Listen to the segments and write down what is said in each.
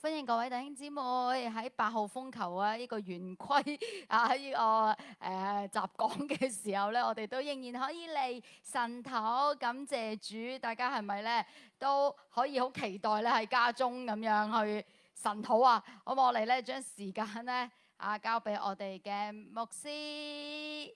歡迎各位弟兄姊妹喺八號風球、這個、啊！呢、這個圓規啊，呢個誒集港嘅時候咧，我哋都仍然可以嚟神討，感謝主。大家係咪咧都可以好期待咧？喺家中咁樣去神討啊！好，咁我哋咧將時間咧啊交俾我哋嘅牧師。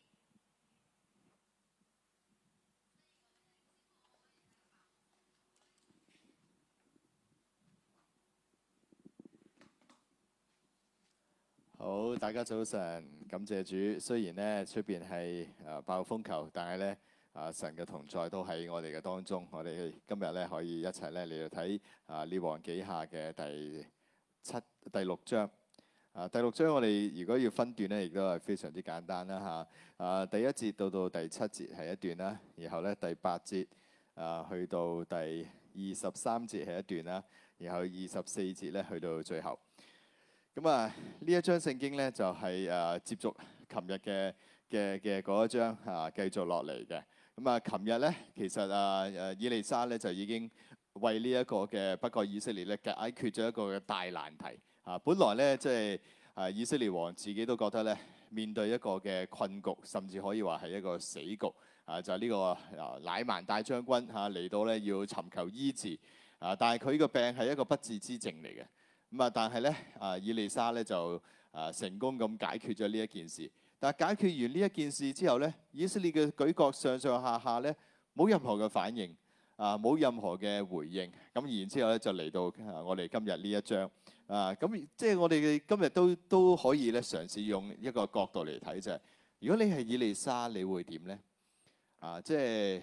大家早晨，感謝主。雖然咧出邊係啊暴風球，但係咧啊神嘅同在都喺我哋嘅當中。我哋今日咧可以一齊咧嚟到睇啊列王紀下嘅第七第六章啊、呃。第六章我哋如果要分段咧，亦都係非常之簡單啦嚇。啊第一節到到第七節係一段啦，然後咧第八節啊、呃、去到第二十三節係一段啦，然後二十四節咧去到最後。咁、就是、啊，呢一章聖經咧就係誒接續琴日嘅嘅嘅嗰一章啊，繼續落嚟嘅。咁啊，琴日咧其實啊誒以利沙咧就已經為呢一個嘅北國以色列咧解決咗一個大難題啊。本來咧即係啊以色列王自己都覺得咧面對一個嘅困局，甚至可以話係一個死局啊。就係、是、呢、這個、啊、乃曼大將軍嚇嚟、啊、到咧要尋求醫治啊，但係佢個病係一個不治之症嚟嘅。咁啊！但係咧，啊，以利沙咧就啊成功咁解決咗呢一件事。但係解決完呢一件事之後咧，以色列嘅舉國上上下下咧冇任何嘅反應啊，冇任何嘅回應。咁然之後咧就嚟到我哋今日呢一章啊。咁即係我哋嘅今日都都可以咧嘗試用一個角度嚟睇，就係，咋，如果你係以利沙，你會點咧？啊，即係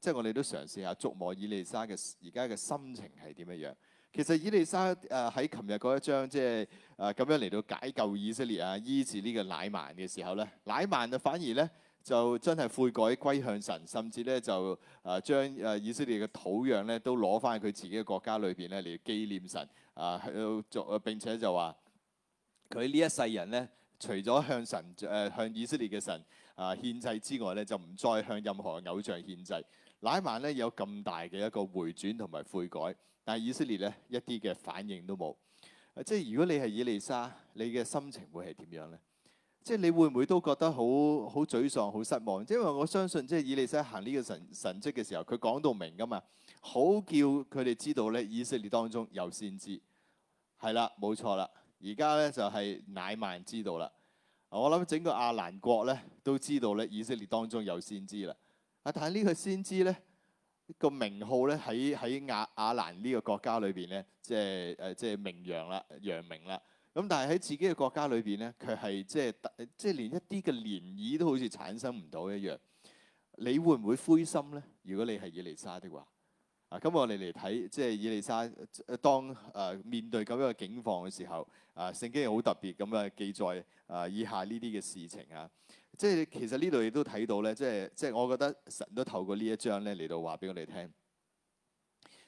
即係我哋都嘗試下觸摸以利沙嘅而家嘅心情係點樣樣。其實以利沙誒喺琴日嗰一章，即係誒咁樣嚟到解救以色列啊，醫治呢個乃曼嘅時候咧，乃曼就反而咧就真係悔改歸向神，甚至咧就誒將誒以色列嘅土壤咧都攞翻佢自己嘅國家裏邊咧嚟紀念神啊，做並且就話佢呢一世人咧，除咗向神誒向以色列嘅神啊獻祭之外咧，就唔再向任何偶像獻祭。乃曼咧有咁大嘅一個回轉同埋悔改，但係以色列咧一啲嘅反應都冇。即係如果你係以利沙，你嘅心情會係點樣咧？即係你會唔會都覺得好好沮喪、好失望？即因為我相信即係以利沙行呢個神神蹟嘅時候，佢講到明㗎嘛，好叫佢哋知道咧以色列當中有先知。係啦，冇錯啦。而家咧就係、是、乃曼知道啦。我諗整個亞蘭國咧都知道咧以色列當中有先知啦。啊！但係呢個先知咧，個名號咧喺喺亞亞蘭呢個國家裏邊咧，即係誒即係名揚啦、揚名啦。咁但係喺自己嘅國家裏邊咧，佢係即係即係連一啲嘅漣漪都好似產生唔到一樣。你會唔會灰心咧？如果你係以利沙的話，啊！咁我哋嚟睇即係以利沙當誒面對咁樣嘅境況嘅時候，啊聖經好特別咁啊記載啊以下呢啲嘅事情啊。即係其實呢度亦都睇到咧，即係即係我覺得神都透過呢一章咧嚟到話俾我哋聽。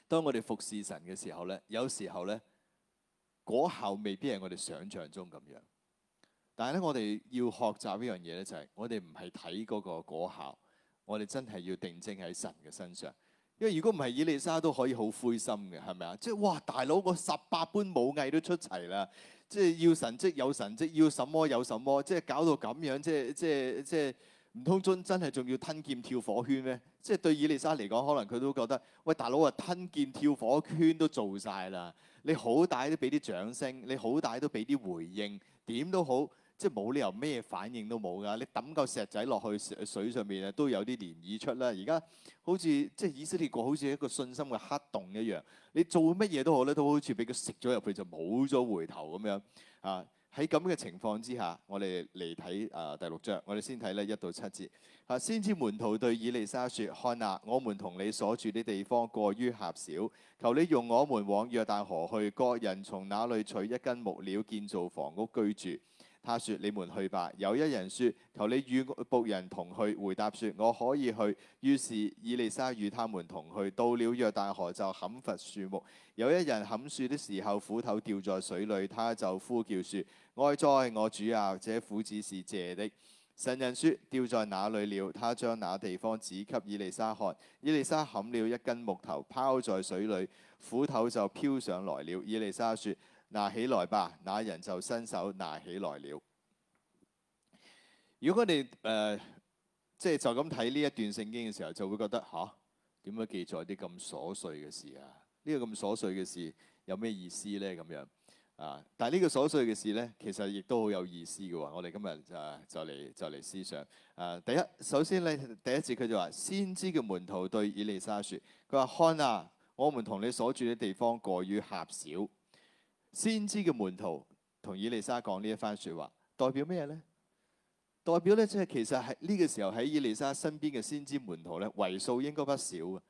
當我哋服侍神嘅時候咧，有時候咧果效未必係我哋想象中咁樣。但係咧、就是，我哋要學習呢樣嘢咧，就係我哋唔係睇嗰個果效，我哋真係要定睛喺神嘅身上。因為如果唔係，以利沙都可以好灰心嘅，係咪啊？即係哇，大佬個十八般武藝都出齊啦！即係要神蹟有神蹟，要什麼有什麼，即係搞到咁樣，即係即係即係唔通真真係仲要吞劍跳火圈咩？即係對以利沙嚟講，可能佢都覺得，喂，大佬啊，吞劍跳火圈都做晒啦，你好歹都俾啲掌聲，你好歹都俾啲回應，點都好。即係冇理由咩反應都冇㗎。你抌嚿石仔落去水上面啊，都有啲漣漪出啦。而家好似即係以色列國，好似一個信心嘅黑洞一樣。你做乜嘢都好咧，都好似俾佢食咗入去就冇咗回頭咁樣啊。喺咁嘅情況之下，我哋嚟睇啊第六章，我哋先睇咧一到七節啊。先知門徒對以利沙説：看啊，我們同你所住啲地方過於狹小，求你用我們往約旦河去，各人從那裡取一根木料建造房屋居住。他說：你們去吧。有一人說：求你與僕人同去。回答說：我可以去。於是以利沙與他們同去。到了約旦河就砍伐樹木。有一人砍樹的時候，斧頭掉在水裏，他就呼叫說：哀哉，我主啊！這斧子是借的。神人說：掉在哪裏了？他將那地方指給以利沙看。以利沙砍了一根木頭拋在水裏，斧頭就飄上來了。以利沙說：拿起來吧，那人就伸手拿起來了。如果你哋即係就咁睇呢一段聖經嘅時候，就會覺得吓，點樣記載啲咁瑣碎嘅事啊？呢個咁瑣碎嘅事有咩意思呢？咁樣啊？但係呢個瑣碎嘅事呢，其實亦都好有意思嘅喎。我哋今日、啊、就就嚟就嚟思想啊。第一，首先咧，第一節佢就話：先知嘅門徒對以利沙説：佢話看啊，ana, 我們同你所住嘅地方過於狹小。先知嘅門徒同以利沙講呢一番説話，代表咩咧？代表咧，即係其實喺呢個時候喺以利沙身邊嘅先知門徒咧，為數應該不少嘅，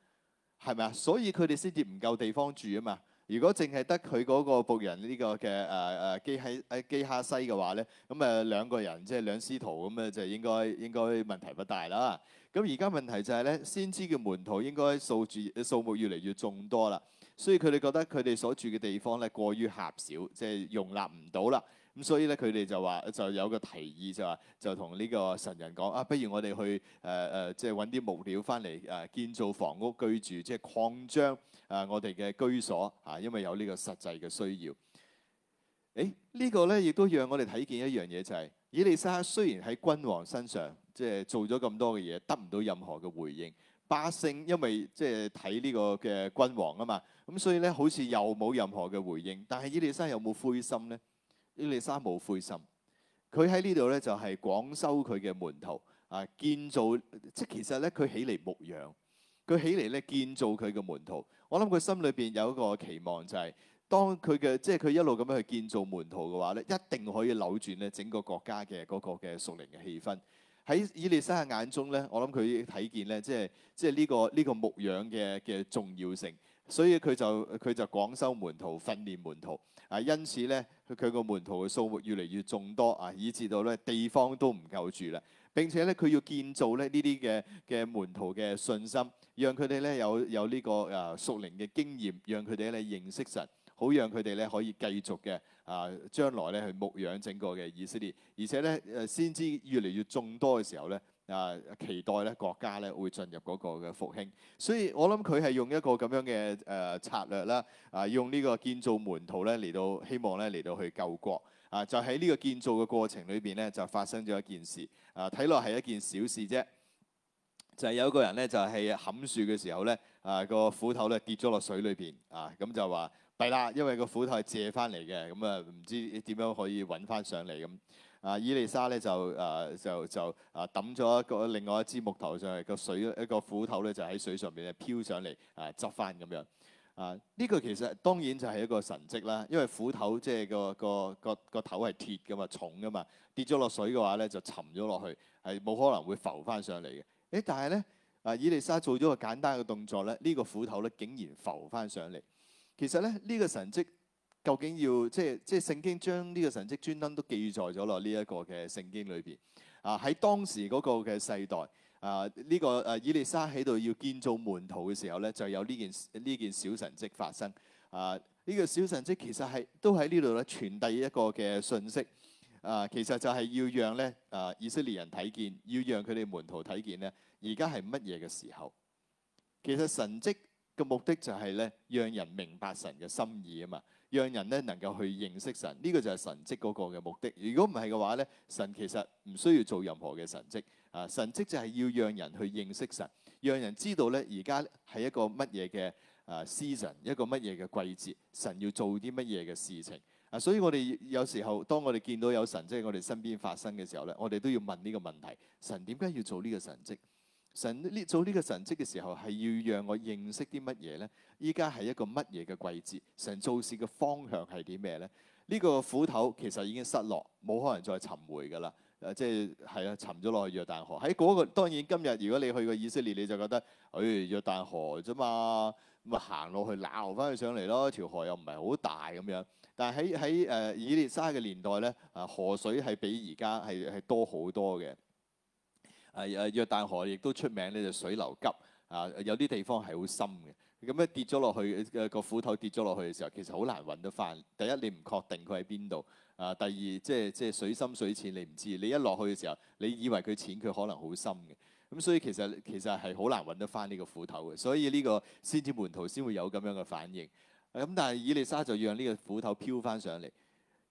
係咪啊？所以佢哋先至唔夠地方住啊嘛。如果淨係得佢嗰個僕人個、啊啊基哈啊、基哈呢個嘅誒誒基哈喺基哈西嘅話咧，咁誒兩個人即係、就是、兩師徒咁啊，就應該應該問題不大啦。咁而家問題就係咧，先知嘅門徒應該數住數目越嚟越眾多啦。所以佢哋覺得佢哋所住嘅地方咧過於狹小，即係容納唔到啦。咁所以咧，佢哋就話就有個提議，就話就同呢個神人講啊，不如我哋去誒誒，即係搵啲木料返嚟誒，建造房屋居住，即係擴張誒我哋嘅居所嚇，因為有呢個實際嘅需要。誒呢個咧亦都讓我哋睇見一樣嘢，就係以利沙雖然喺君王身上即係做咗咁多嘅嘢，得唔到任何嘅回應。巴星因為即係睇呢個嘅君王啊嘛。咁所以咧，好似又冇任何嘅回應。但係，以利沙有冇灰心咧？以利沙冇灰心，佢喺呢度咧就係廣收佢嘅門徒啊，建造即係其實咧，佢起嚟牧養，佢起嚟咧建造佢嘅門徒。我諗佢心裏邊有一個期望，就是，就係當佢嘅即係佢一路咁樣去建造門徒嘅話咧，一定可以扭轉咧整個國家嘅嗰個嘅屬靈嘅氣氛，喺以利沙眼中咧。我諗佢睇見咧，即係即係呢、這個呢、這個牧養嘅嘅重要性。所以佢就佢就廣收門徒，訓練門徒啊，因此咧佢佢個門徒嘅數目越嚟越眾多啊，以至到咧地方都唔夠住啦。並且咧佢要建造咧呢啲嘅嘅門徒嘅信心，讓佢哋咧有有呢、這個啊屬靈嘅經驗，讓佢哋咧認識神，好讓佢哋咧可以繼續嘅啊將來咧去牧養整個嘅以色列。而且咧誒先知越嚟越眾多嘅時候咧。啊，期待咧國家咧會進入嗰個嘅復興，所以我諗佢係用一個咁樣嘅誒策略啦，啊用呢個建造門徒咧嚟到希望咧嚟到去救國，啊就喺呢個建造嘅過程裏邊咧就發生咗一件事，啊睇落係一件小事啫，就係有個人咧就係冚樹嘅時候咧啊個斧頭咧跌咗落水裏邊，啊咁就話，弊啦，因為個斧頭係借翻嚟嘅，咁啊唔知點樣可以揾翻上嚟咁。啊，以利沙咧就誒就就啊抌咗一個另外一支木頭上去，個水一個斧頭咧就喺水上邊咧漂上嚟啊，執翻咁樣啊，呢個其實當然就係一個神蹟啦，因為斧頭即係個個個個頭係鐵嘅嘛，重嘅嘛，跌咗落水嘅話咧就沉咗落去，係冇可能會浮翻上嚟嘅。誒，但係咧啊，以利沙做咗個簡單嘅動作咧，呢個斧頭咧竟然浮翻上嚟。其實咧呢個神蹟。究竟要即係即係聖經將呢個神跡專登都記載咗落呢一個嘅聖經裏邊啊？喺當時嗰個嘅世代啊，呢個啊以利沙喺度要建造門徒嘅時候咧，就有呢件呢件小神跡發生啊。呢個小神跡其實係都喺呢度咧，傳遞一個嘅信息啊。其實就係要讓咧啊以色列人睇見，要讓佢哋門徒睇見咧，而家係乜嘢嘅時候？其實神跡嘅目的就係咧，讓人明白神嘅心意啊嘛。讓人咧能夠去認識神，呢個就係神跡嗰個嘅目的。如果唔係嘅話咧，神其實唔需要做任何嘅神跡。啊，神跡就係要讓人去認識神，讓人知道咧而家係一個乜嘢嘅啊 season，一個乜嘢嘅季節，神要做啲乜嘢嘅事情。啊，所以我哋有時候當我哋見到有神即係我哋身邊發生嘅時候咧，我哋都要問呢個問題：神點解要做呢個神跡？神呢做呢個神蹟嘅時候，係要讓我認識啲乜嘢咧？依家係一個乜嘢嘅季節？神做事嘅方向係啲咩咧？呢、這個斧頭其實已經失落，冇可能再尋回噶啦。誒、啊，即係係啦，沉咗落去約旦河。喺嗰、那個當然今，今日如果你去過以色列，你就覺得，哎，約旦河咋嘛？咁啊行落去，撈翻佢上嚟咯。條河又唔係好大咁樣。但係喺喺誒以利沙嘅年代咧，啊河水係比而家係係多好多嘅。誒誒，約旦河亦都出名咧，就水流急啊！有啲地方係好深嘅，咁樣跌咗落去，個斧頭跌咗落去嘅時候，其實好難揾得翻。第一，你唔確定佢喺邊度啊？第二，即係即係水深水淺，你唔知。你一落去嘅時候，你以為佢淺，佢可能好深嘅。咁所以其實其實係好難揾得翻呢個斧頭嘅。所以呢個先知門徒先會有咁樣嘅反應。咁但係以利沙就讓呢個斧頭漂翻上嚟。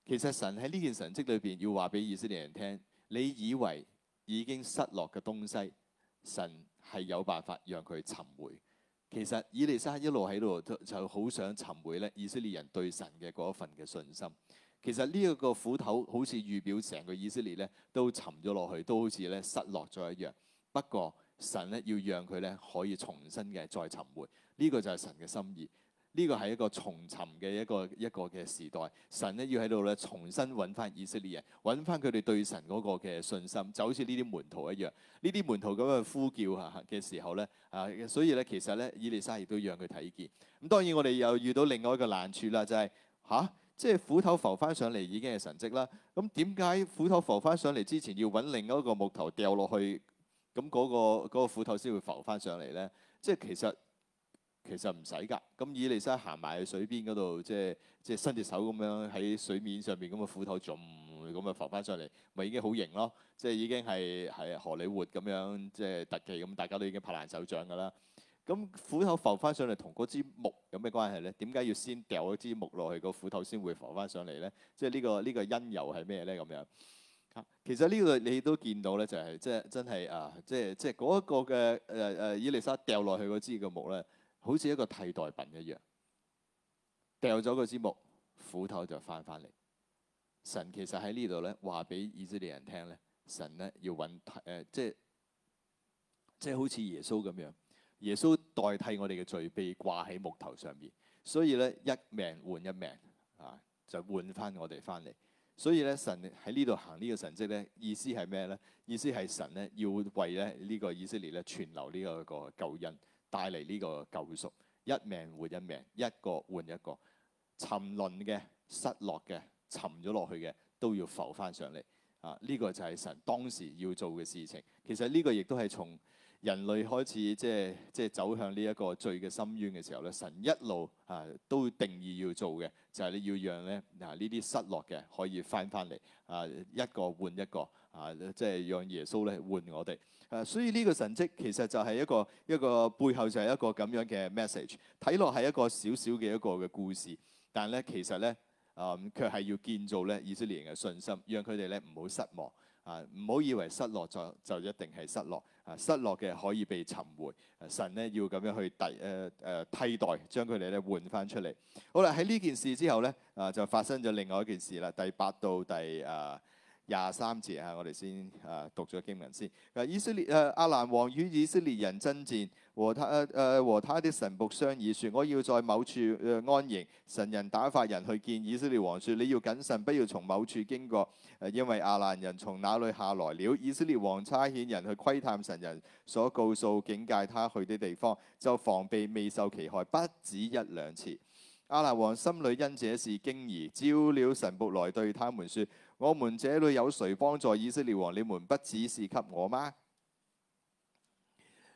其實神喺呢件神蹟裏邊要話俾以色列人聽，你以為？已經失落嘅東西，神係有辦法讓佢尋回。其實以利沙一路喺度就好想尋回咧，以色列人對神嘅嗰一份嘅信心。其實呢一個斧頭，好似預表成個以色列咧都沉咗落去，都好似咧失落咗一樣。不過神咧要讓佢咧可以重新嘅再尋回，呢、這個就係神嘅心意。呢個係一個重尋嘅一個一個嘅時代，神咧要喺度咧重新揾翻以色列人，揾翻佢哋對神嗰個嘅信心，就好似呢啲門徒一樣。呢啲門徒咁樣呼叫下嘅時候咧啊，所以咧其實咧，以利沙亦都讓佢睇見。咁、嗯、當然我哋又遇到另外一個難處啦，就係、是、吓、啊，即係斧頭浮翻上嚟已經係神跡啦。咁點解斧頭浮翻上嚟之前要揾另一個木頭掉落去，咁、嗯、嗰、嗰個嗰個斧頭先會浮翻上嚟咧？即係其實。其實唔使㗎。咁以利沙行埋去水邊嗰度，即係即係伸隻手咁樣喺水面上面，咁個斧頭噉咁啊浮翻上嚟，咪已經好型咯。即係已經係係荷里活咁樣，即係特技咁，大家都已經拍爛手掌㗎啦。咁斧頭浮翻上嚟，同嗰支木有咩關係咧？點解要先掉嗰支木落去，個斧頭先會浮翻上嚟咧？即係呢個呢個因由係咩咧？咁樣嚇，其實呢個你都見到咧，就係即係真係啊！即係即係嗰一個嘅誒誒，以利沙掉落去嗰支嘅木咧。好似一個替代品一樣，掉咗個枝木，斧頭就翻翻嚟。神其實喺呢度咧，話俾以色列人聽咧，神咧要揾誒、呃，即係即係好似耶穌咁樣，耶穌代替我哋嘅罪被掛喺木頭上面，所以咧一命換一命啊，就換翻我哋翻嚟。所以咧，神喺呢度行呢個神蹟咧，意思係咩咧？意思係神咧要為咧呢、這個以色列咧傳留呢一個救恩。帶嚟呢個救贖，一命換一命，一個換一個，沉淪嘅、失落嘅、沉咗落去嘅，都要浮翻上嚟。啊，呢個就係神當時要做嘅事情。其實呢個亦都係從人類開始，即係即係走向呢一個罪嘅深淵嘅時候咧，神一路啊都定意要做嘅，就係你要讓咧嗱呢啲失落嘅可以翻翻嚟啊，一個換一個啊，即係讓耶穌咧換我哋。誒，所以呢個神蹟其實就係一個一個背後就係一個咁樣嘅 message。睇落係一個小小嘅一個嘅故事，但咧其實咧，誒、呃，卻係要建造咧以色列人嘅信心，讓佢哋咧唔好失望，啊，唔好以為失落就就一定係失落，啊，失落嘅可以被尋回。啊、神咧要咁樣去替誒誒、呃、替代，將佢哋咧換返出嚟。好啦，喺呢件事之後咧，啊，就發生咗另外一件事啦，第八到第誒。啊廿三節啊！我哋先啊讀咗經文先。啊，以色列啊，亞蘭王與以色列人爭戰，和他誒誒和他啲神僕商議，説我要在某處誒安營。神人打發人去見以色列王說，説你要謹慎，不要從某處經過誒，因為亞蘭人從那裏下來了。以色列王差遣人去窺探神人所告訴警戒他去的地方，就防備未受其害，不止一兩次。亞蘭王心裏因這事驚疑，召了神僕來對他們説。我們這裏有誰幫助以色列王？你們不只是給我嗎？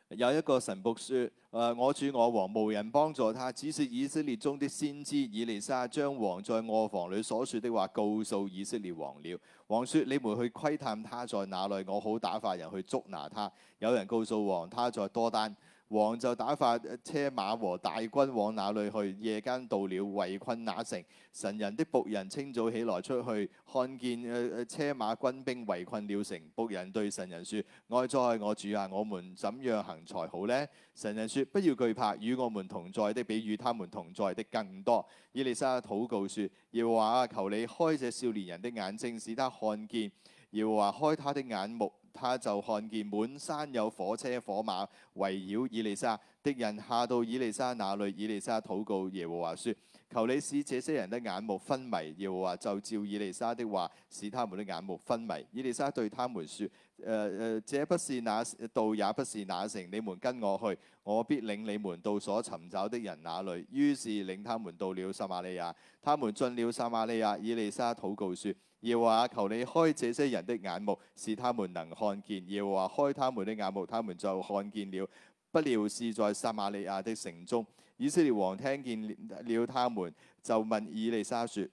有一個神僕說、呃，我主我王無人幫助他，只是以色列中的先知以利沙將王在臥房裏所說的話告訴以色列王了。王說，你們去窺探他在哪裏，我好打發人去捉拿他。有人告訴王，他在多丹。王就打發車馬和大軍往哪裏去？夜間到了，圍困那城。神人的僕人清早起來出去，看見誒誒、呃、車馬軍兵圍困了城。僕人對神人說：哀哉我主啊，我們怎樣行才好呢？神人說：不要懼怕，與我們同在的比與他們同在的更多。以利沙禱告說：耶和華啊，求你開這少年人的眼睛，使他看見；耶和華開他的眼目。他就看見滿山有火車火馬圍繞以利沙，敵人下到以利沙那裏。以利沙禱告耶和華說：求你使這些人的眼目昏迷。耶和華就照以利沙的話，使他們的眼目昏迷。以利沙對他們說：誒、呃、誒，這不是那道，也不是那城，你們跟我去，我必領你們到所尋找的人那裏。於是領他們到了撒瑪利亞。他們進了撒瑪利亞，以利沙禱告說，耶和華，求你開這些人的眼目，使他們能看見。耶和華開他們的眼目，他們就看見了。不料是在撒瑪利亞的城中，以色列王聽見了他們，就問以利沙說：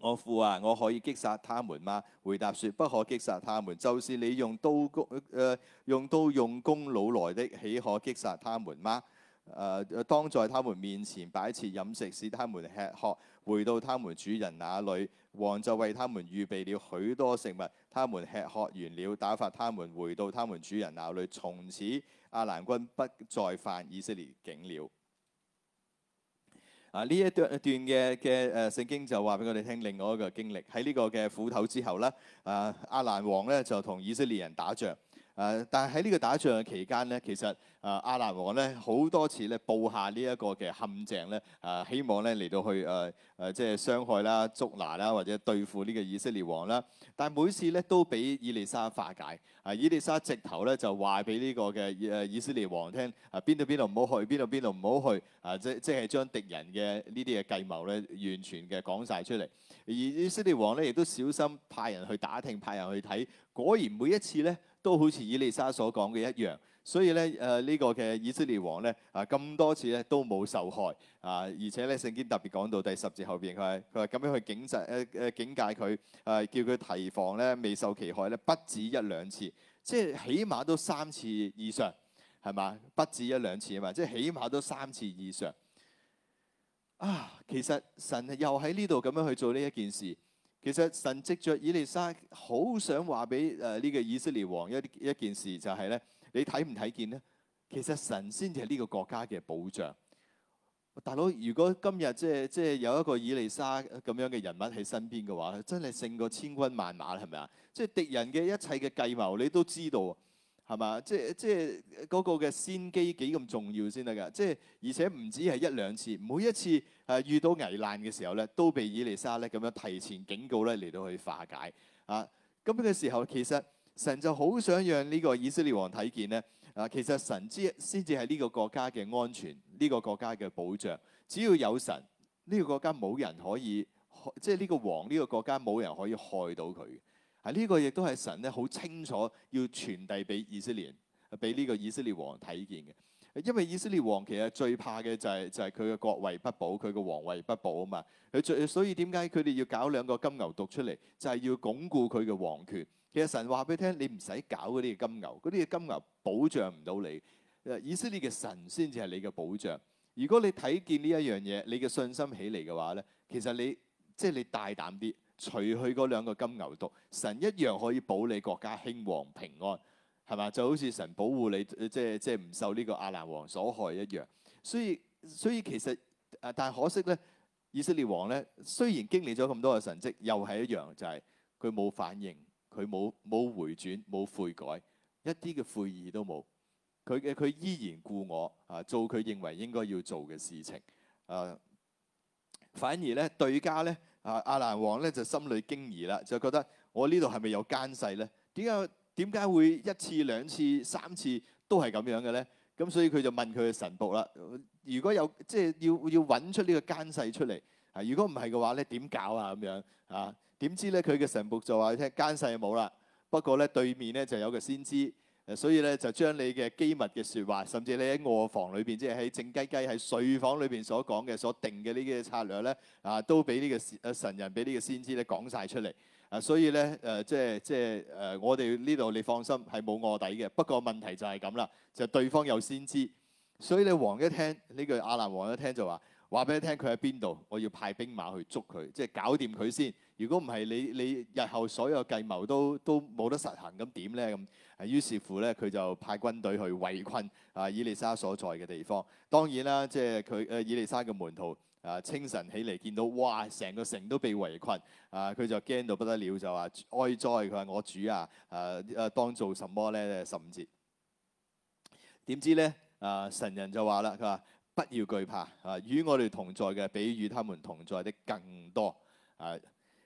我父啊，我可以擊殺他們嗎？回答說：不可擊殺他們，就是你用刀攻，誒、呃、用刀用弓擄來的，豈可擊殺他們嗎？誒、呃，當在他們面前擺設飲食，使他們吃喝。回到他們主人那裏，王就為他們預備了許多食物。他們吃喝完了，打發他們回到他們主人那裏。從此，亞蘭軍不再犯以色列境了。啊，呢一段嘅嘅誒聖經就話俾我哋聽，另外一個經歷喺呢個嘅斧頭之後咧，啊，亞蘭王咧就同以色列人打仗。誒、呃，但係喺呢個打仗嘅期間咧，其實誒亞蘭王咧好多次咧布下呢一個嘅陷阱咧，誒、呃、希望咧嚟到去誒誒、呃呃、即係傷害啦、捉拿啦或者對付呢個以色列王啦。但係每次咧都俾以利沙化解。啊，以利沙直頭咧就話俾呢個嘅誒以色列王聽啊，邊度邊度唔好去，邊度邊度唔好去。啊，即即係將敵人嘅呢啲嘅計謀咧完全嘅講晒出嚟。而以色列王咧亦都小心派人去打聽，派人去睇，果然每一次咧。都好似以利沙所講嘅一樣，所以咧誒呢、這個嘅以色列王咧啊，咁多次咧都冇受害啊，而且咧聖經特別講到第十節後邊，佢係佢話咁樣去警察誒誒警戒佢誒、啊、叫佢提防咧，未受其害咧不止一兩次，即係起碼都三次以上係嘛？不止一兩次嘛，即係起碼都三次以上。啊，其實神又喺呢度咁樣去做呢一件事。其實神藉着以利沙好想話俾誒呢個以色列王一一件事，就係咧，你睇唔睇見咧？其實神先係呢個國家嘅保障。大佬，如果今日即係即係有一個以利沙咁樣嘅人物喺身邊嘅話，真係勝過千軍萬馬啦，係咪啊？即係敵人嘅一切嘅計謀，你都知道。係嘛？即係即係嗰、那個嘅先機幾咁重要先得㗎？即係而且唔止係一兩次，每一次誒、啊、遇到危難嘅時候咧，都被以利沙咧咁樣提前警告咧嚟到去化解啊！咁嘅時候其實神就好想讓呢個以色列王睇見咧啊！其實神之先至係呢個國家嘅安全，呢、這個國家嘅保障，只要有神，呢、這個國家冇人可以即係呢個王呢、這個國家冇人，人可以害到佢。啊！呢個亦都係神咧，好清楚要傳遞俾以色列，俾呢個以色列王睇見嘅。因為以色列王其實最怕嘅就係、是、就係佢嘅國位不保，佢嘅皇位不保啊嘛。佢所以點解佢哋要搞兩個金牛犢出嚟？就係、是、要鞏固佢嘅皇權。其實神話俾你聽，你唔使搞嗰啲嘅金牛，嗰啲嘅金牛保障唔到你。以色列嘅神先至係你嘅保障。如果你睇見呢一樣嘢，你嘅信心起嚟嘅話咧，其實你即係、就是、你大膽啲。除去嗰兩個金牛犢，神一樣可以保你國家興旺平安，係嘛？就好似神保護你，即係即係唔受呢個阿蘭王所害一樣。所以所以其實誒、啊，但係可惜咧，以色列王咧，雖然經歷咗咁多嘅神跡，又係一樣就係佢冇反應，佢冇冇回轉，冇悔改，一啲嘅悔意都冇。佢嘅佢依然故我啊，做佢認為應該要做嘅事情。誒、啊，反而咧對家咧。啊！阿蘭王咧就心裏驚疑啦，就覺得我呢度係咪有奸細咧？點解點解會一次兩次三次都係咁樣嘅咧？咁所以佢就問佢嘅神僕啦。如果有即係要要揾出呢個奸細出嚟啊！如果唔係嘅話咧，點搞啊？咁樣啊？點知咧佢嘅神僕就話：你聽奸細冇啦，不過咧對面咧就有個先知，所以咧就將你嘅機密嘅説話，甚至你喺臥房裏邊，即係喺靜雞雞喺睡房裏邊所講嘅、所定嘅呢啲嘅策略咧，啊都俾呢個先神人俾呢個先知咧講晒出嚟。啊，所以咧誒、呃、即係即係誒、呃，我哋呢度你放心係冇臥底嘅。不過問題就係咁啦，就是，對方有先知，所以咧王一聽呢句、這個、亞蘭王一聽就話：話俾你聽佢喺邊度，我要派兵馬去捉佢，即係搞掂佢先。如果唔係你，你日後所有計謀都都冇得實行咁點咧咁？於是乎咧，佢就派軍隊去圍困啊，以利沙所在嘅地方。當然啦，即係佢啊，以利沙嘅門徒啊，清晨起嚟見到哇，成個城都被圍困啊，佢就驚到不得了，就話哀哉。佢話我主啊，誒、啊、誒，當做什麼咧？十五節點知咧啊？神人就話啦，佢話不要懼怕啊，與我哋同在嘅比與他們同在的更多啊。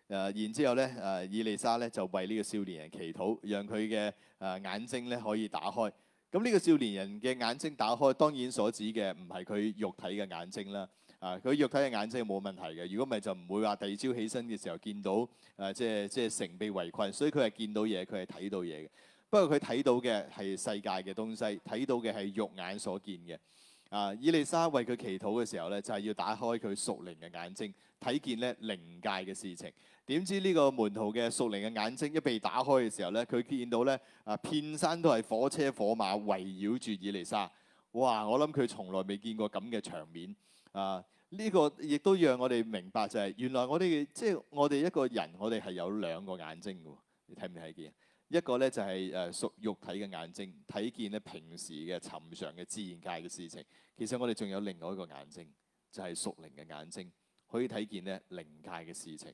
誒，然之後咧，誒，以利沙咧就為呢個少年人祈禱，讓佢嘅誒眼睛咧可以打開。咁、嗯、呢、這個少年人嘅眼睛打開，當然所指嘅唔係佢肉體嘅眼睛啦。啊，佢肉體嘅眼睛係冇問題嘅，如果唔係就唔會話第二朝起身嘅時候見到誒、啊，即係即係城被圍困。所以佢係見到嘢，佢係睇到嘢嘅。不過佢睇到嘅係世界嘅東西，睇到嘅係肉眼所見嘅。啊，以利沙為佢祈禱嘅時候咧，就係、是、要打開佢屬靈嘅眼睛，睇見咧靈界嘅事情。點知呢個門徒嘅屬靈嘅眼睛一被打開嘅時候咧，佢見到咧啊，片山都係火車火馬圍繞住以利沙。哇！我諗佢從來未見過咁嘅場面啊。呢、這個亦都讓我哋明白就係、是、原來我哋即係我哋一個人，我哋係有兩個眼睛嘅。你睇唔睇見？一個咧就係誒屬肉體嘅眼睛，睇見咧平時嘅尋常嘅自然界嘅事情。其實我哋仲有另外一個眼睛，就係、是、屬靈嘅眼睛，可以睇見咧靈界嘅事情。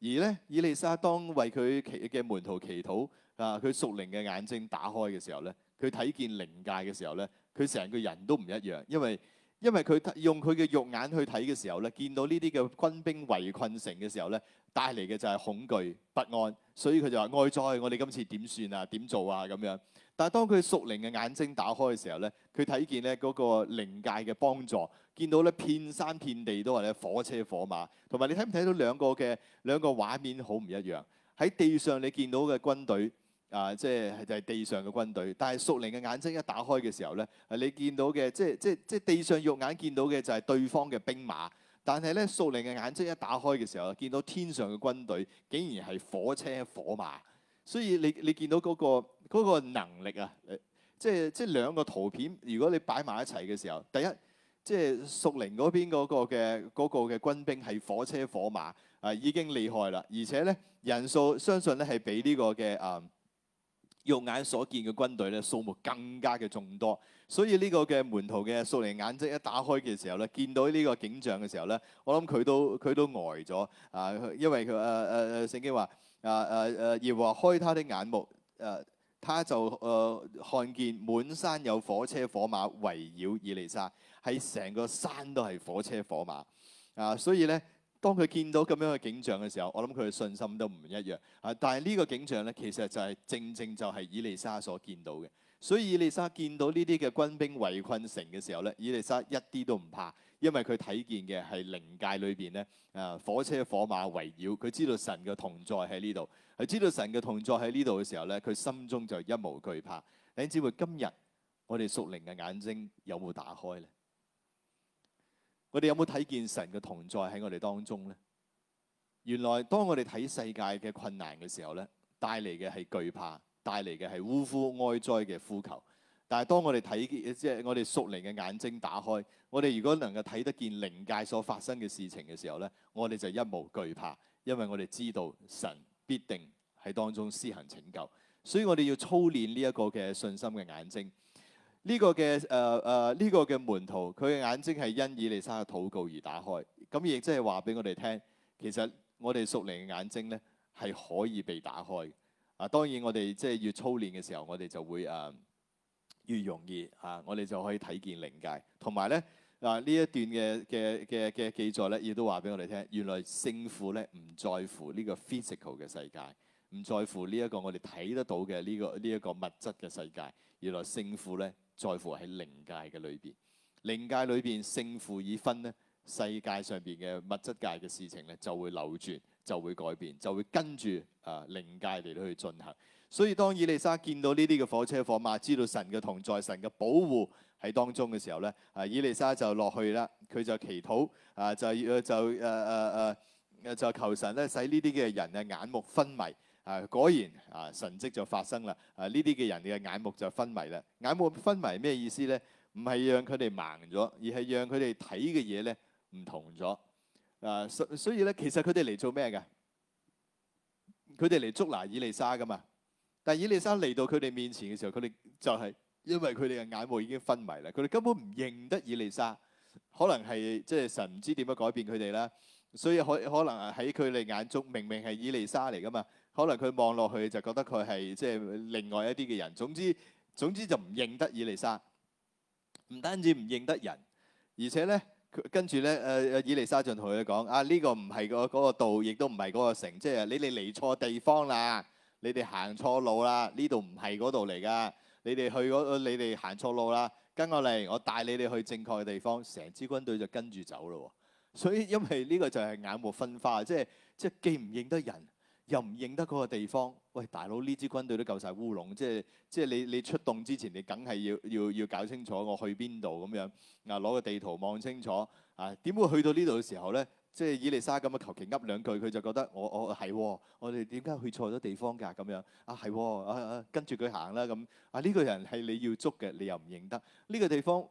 而咧，以利沙當為佢祈嘅門徒祈禱，啊，佢屬靈嘅眼睛打開嘅時候咧，佢睇見靈界嘅時候咧，佢成個人都唔一樣，因為因為佢用佢嘅肉眼去睇嘅時候咧，見到呢啲嘅軍兵圍困城嘅時候咧，帶嚟嘅就係恐懼不安，所以佢就話哀哉，我哋今次點算啊，點做啊咁樣。但係當佢屬靈嘅眼睛打開嘅時候咧，佢睇見咧嗰個靈界嘅幫助，見到咧遍山遍地都係咧火車火馬，同埋你睇唔睇到兩個嘅兩個畫面好唔一樣？喺地上你見到嘅軍隊啊，即係就係係地上嘅軍隊，但係屬靈嘅眼睛一打開嘅時候咧，你見到嘅即係即係即係地上肉眼見到嘅就係對方嘅兵馬，但係咧屬靈嘅眼睛一打開嘅時候，見到天上嘅軍隊竟然係火車火馬。所以你你見到嗰個嗰個能力啊，即係即係兩個圖片，如果你擺埋一齊嘅時候，第一即係屬靈嗰邊嗰個嘅嗰個嘅軍兵係火車火馬啊，已經厲害啦，而且咧人數相信咧係比呢個嘅啊肉眼所見嘅軍隊咧數目更加嘅眾多，所以呢個嘅門徒嘅屬靈眼睛一打開嘅時候咧，見到呢個景象嘅時候咧，我諗佢都佢都呆咗啊，因為佢誒誒聖經話。啊啊啊！而話開他的眼目，誒、啊，他就誒、啊、看見滿山有火車火馬圍繞以利沙，喺成個山都係火車火馬。啊，所以咧，當佢見到咁樣嘅景象嘅時候，我諗佢嘅信心都唔一樣。啊，但係呢個景象咧，其實就係、是、正正就係以利沙所見到嘅。所以以利沙見到呢啲嘅軍兵圍困城嘅時候咧，以利沙一啲都唔怕。因為佢睇見嘅係靈界裏邊咧，啊火車火馬圍繞，佢知道神嘅同在喺呢度，佢知道神嘅同在喺呢度嘅時候咧，佢心中就一無懼怕。你知唔知，今日我哋屬靈嘅眼睛有冇打開咧？我哋有冇睇見神嘅同在喺我哋當中咧？原來當我哋睇世界嘅困難嘅時候咧，帶嚟嘅係懼怕，帶嚟嘅係嗚呼哀哉嘅呼求。但係當我哋睇，即係我哋屬靈嘅眼睛打開，我哋如果能夠睇得見靈界所發生嘅事情嘅時候咧，我哋就一無懼怕，因為我哋知道神必定喺當中施行拯救。所以我哋要操練呢一個嘅信心嘅眼睛。呢、這個嘅誒誒呢個嘅門徒，佢嘅眼睛係因以利沙嘅禱告而打開。咁亦即係話俾我哋聽，其實我哋屬靈嘅眼睛咧係可以被打開。啊，當然我哋即係要操練嘅時候，我哋就會誒。啊越容易嚇、啊，我哋就可以睇見靈界。同埋咧，啊呢一段嘅嘅嘅嘅記載咧，亦都話俾我哋聽，原來勝負咧唔在乎呢個 physical 嘅世界，唔在乎呢一個我哋睇得到嘅呢個呢一個物質嘅世界。原來勝負咧在乎喺靈界嘅裏邊，靈界裏邊勝負已分咧，世界上邊嘅物質界嘅事情咧就會扭轉，就會改變，就會跟住啊靈界嚟到去進行。所以，當以利沙見到呢啲嘅火車火馬，知道神嘅同在、神嘅保護喺當中嘅時候咧，啊，以利沙就落去啦。佢就祈禱啊，就要就誒誒誒，就求神咧，使呢啲嘅人嘅眼目昏迷啊。果然啊，神跡就發生啦。啊，呢啲嘅人嘅眼目就昏迷啦。眼目昏迷咩意思咧？唔係讓佢哋盲咗，而係讓佢哋睇嘅嘢咧唔同咗嗱。所所以咧，其實佢哋嚟做咩㗎？佢哋嚟捉拿以利沙噶嘛。但係以利沙嚟到佢哋面前嘅時候，佢哋就係因為佢哋嘅眼目已經昏迷啦，佢哋根本唔認得以利沙，可能係即係神唔知點樣改變佢哋啦，所以可可能喺佢哋眼中明明係以利沙嚟㗎嘛，可能佢望落去就覺得佢係即係另外一啲嘅人。總之總之就唔認得以利沙，唔單止唔認得人，而且咧佢跟住咧，誒以利沙就同佢講：啊呢個唔係個嗰個道，亦都唔係嗰個城，即係你哋嚟錯地方啦。你哋行錯路啦，呢度唔係嗰度嚟噶。你哋去嗰，你哋行錯路啦。跟我嚟，我帶你哋去正確嘅地方。成支軍隊就跟住走咯。所以因為呢個就係眼目分花，即係即係既唔認得人，又唔認得嗰個地方。喂，大佬呢支軍隊都夠晒烏龍。即係即係你你出動之前，你梗係要要要搞清楚我去邊度咁樣。啊，攞個地圖望清楚。啊，點會去到呢度嘅時候咧？即係以利沙咁啊！求其噏兩句，佢就覺得我我係我哋點解去錯咗地方㗎？咁樣啊係啊啊，跟住佢行啦咁啊呢個人係你要捉嘅，你又唔認得呢個地方，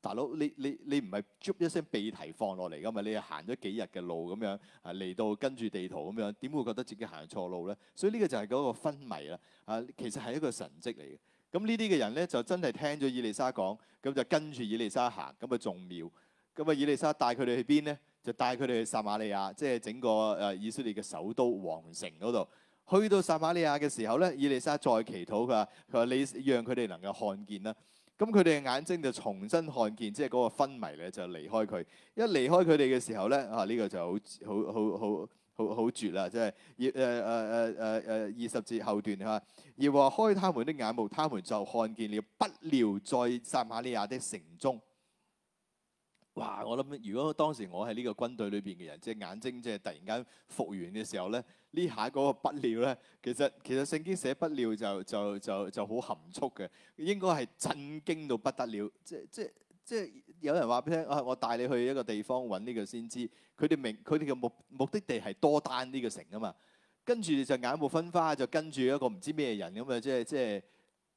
大佬你你你唔係捉一聲鼻涕放落嚟㗎嘛？你係行咗幾日嘅路咁樣啊嚟到跟住地圖咁樣，點會覺得自己行錯路咧？所以呢個就係嗰個昏迷啦啊！其實係一個神跡嚟嘅咁呢啲嘅人咧，就真係聽咗以利沙講咁就跟住以利沙行咁啊仲妙咁啊！以利沙帶佢哋去邊咧？就帶佢哋去撒瑪利亞，即係整個誒以色列嘅首都皇城嗰度。去到撒瑪利亞嘅時候咧，以利沙再祈禱佢話：佢話，你讓佢哋能夠看見啦。咁佢哋嘅眼睛就重新看見，即係嗰個昏迷咧就離開佢。一離開佢哋嘅時候咧，啊呢個就好好好好好好絕啦！即係二誒誒誒誒誒二十節後段嚇，而話開他們的眼目，他們就看見了。不料在撒瑪利亞的城中。哇！我諗，如果當時我喺呢個軍隊裏邊嘅人，即係眼睛即係突然間復原嘅時候咧，呢下嗰個不料咧，其實其實聖經寫不料就就就就好含蓄嘅，應該係震驚到不得了。即即即係有人話俾你聽啊！我帶你去一個地方揾呢個先知。佢哋明佢哋嘅目目的地係多坍呢個城啊嘛。跟住就眼目分花，就跟住一個唔知咩人咁啊，即係即係。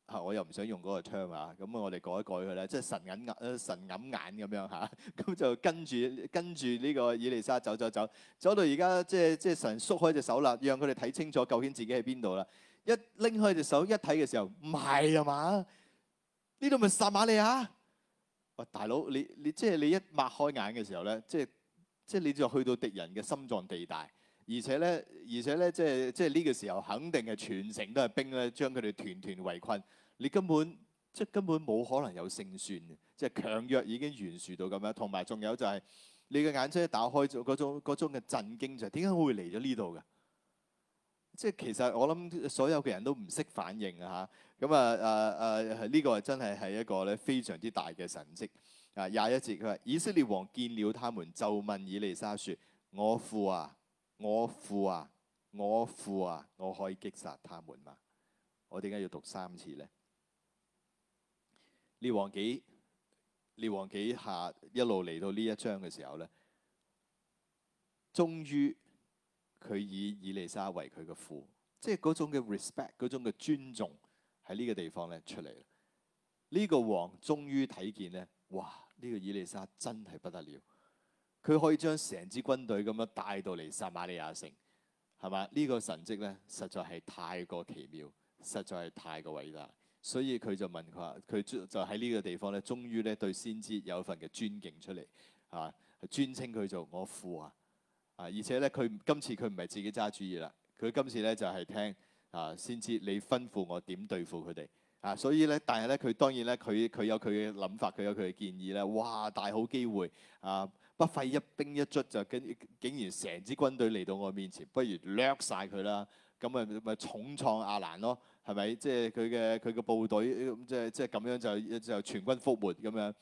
嚇！我又唔想用嗰個槍啊，咁啊我哋改一改佢咧，即係神揞眼，神揞眼咁樣嚇，咁就跟住跟住呢個以利沙走走走，走到而家即係即係神縮開隻手啦，讓佢哋睇清楚究竟自己喺邊度啦。一拎開隻手一睇嘅時候，唔係啊嘛？呢度咪撒瑪利亞？喂，大佬你你即係你一擘開眼嘅時候咧，即係即係你就去到敵人嘅心臟地帶。而且咧，而且咧，即係即係呢個時候，肯定係全城都係兵咧，將佢哋團團圍困。你根本即係根本冇可能有勝算嘅，即係強弱已經懸殊到咁樣。同埋仲有就係你嘅眼睛一打開，嗰種嗰種嘅震驚就係點解會嚟咗呢度嘅？即係其實我諗所有嘅人都唔識反應吓咁啊！誒、啊、誒，呢、啊這個係真係係一個咧非常之大嘅神蹟啊！廿一節佢話以色列王見了他們，就問以利沙說：我父啊！我父啊，我父啊，我可以擊殺他們嘛？我點解要讀三次咧？列王紀列王紀下一路嚟到呢一章嘅時候咧，終於佢以以利沙為佢嘅父，即係嗰種嘅 respect，嗰種嘅尊重喺呢個地方咧出嚟。呢個王終於睇見咧，哇！呢個以利沙真係不得了。佢可以將成支軍隊咁樣帶到嚟撒瑪利亞城，係嘛？呢個神跡咧，實在係太過奇妙，實在係太過偉大。所以佢就問佢話：佢就喺呢個地方咧，終於咧對先知有一份嘅尊敬出嚟啊，尊稱佢做我父啊。啊，而且咧，佢今次佢唔係自己揸主意啦，佢今次咧就係聽啊先知你吩咐我點對付佢哋啊。所以咧，但係咧，佢當然咧，佢佢有佢嘅諗法，佢有佢嘅建議咧。哇！大好機會啊！不費一兵一卒就竟竟然成支軍隊嚟到我面前，不如掠晒佢啦！咁咪咪重創亞蘭咯，係咪？即係佢嘅佢嘅部隊，咁即係即係咁樣就就全軍覆沒咁樣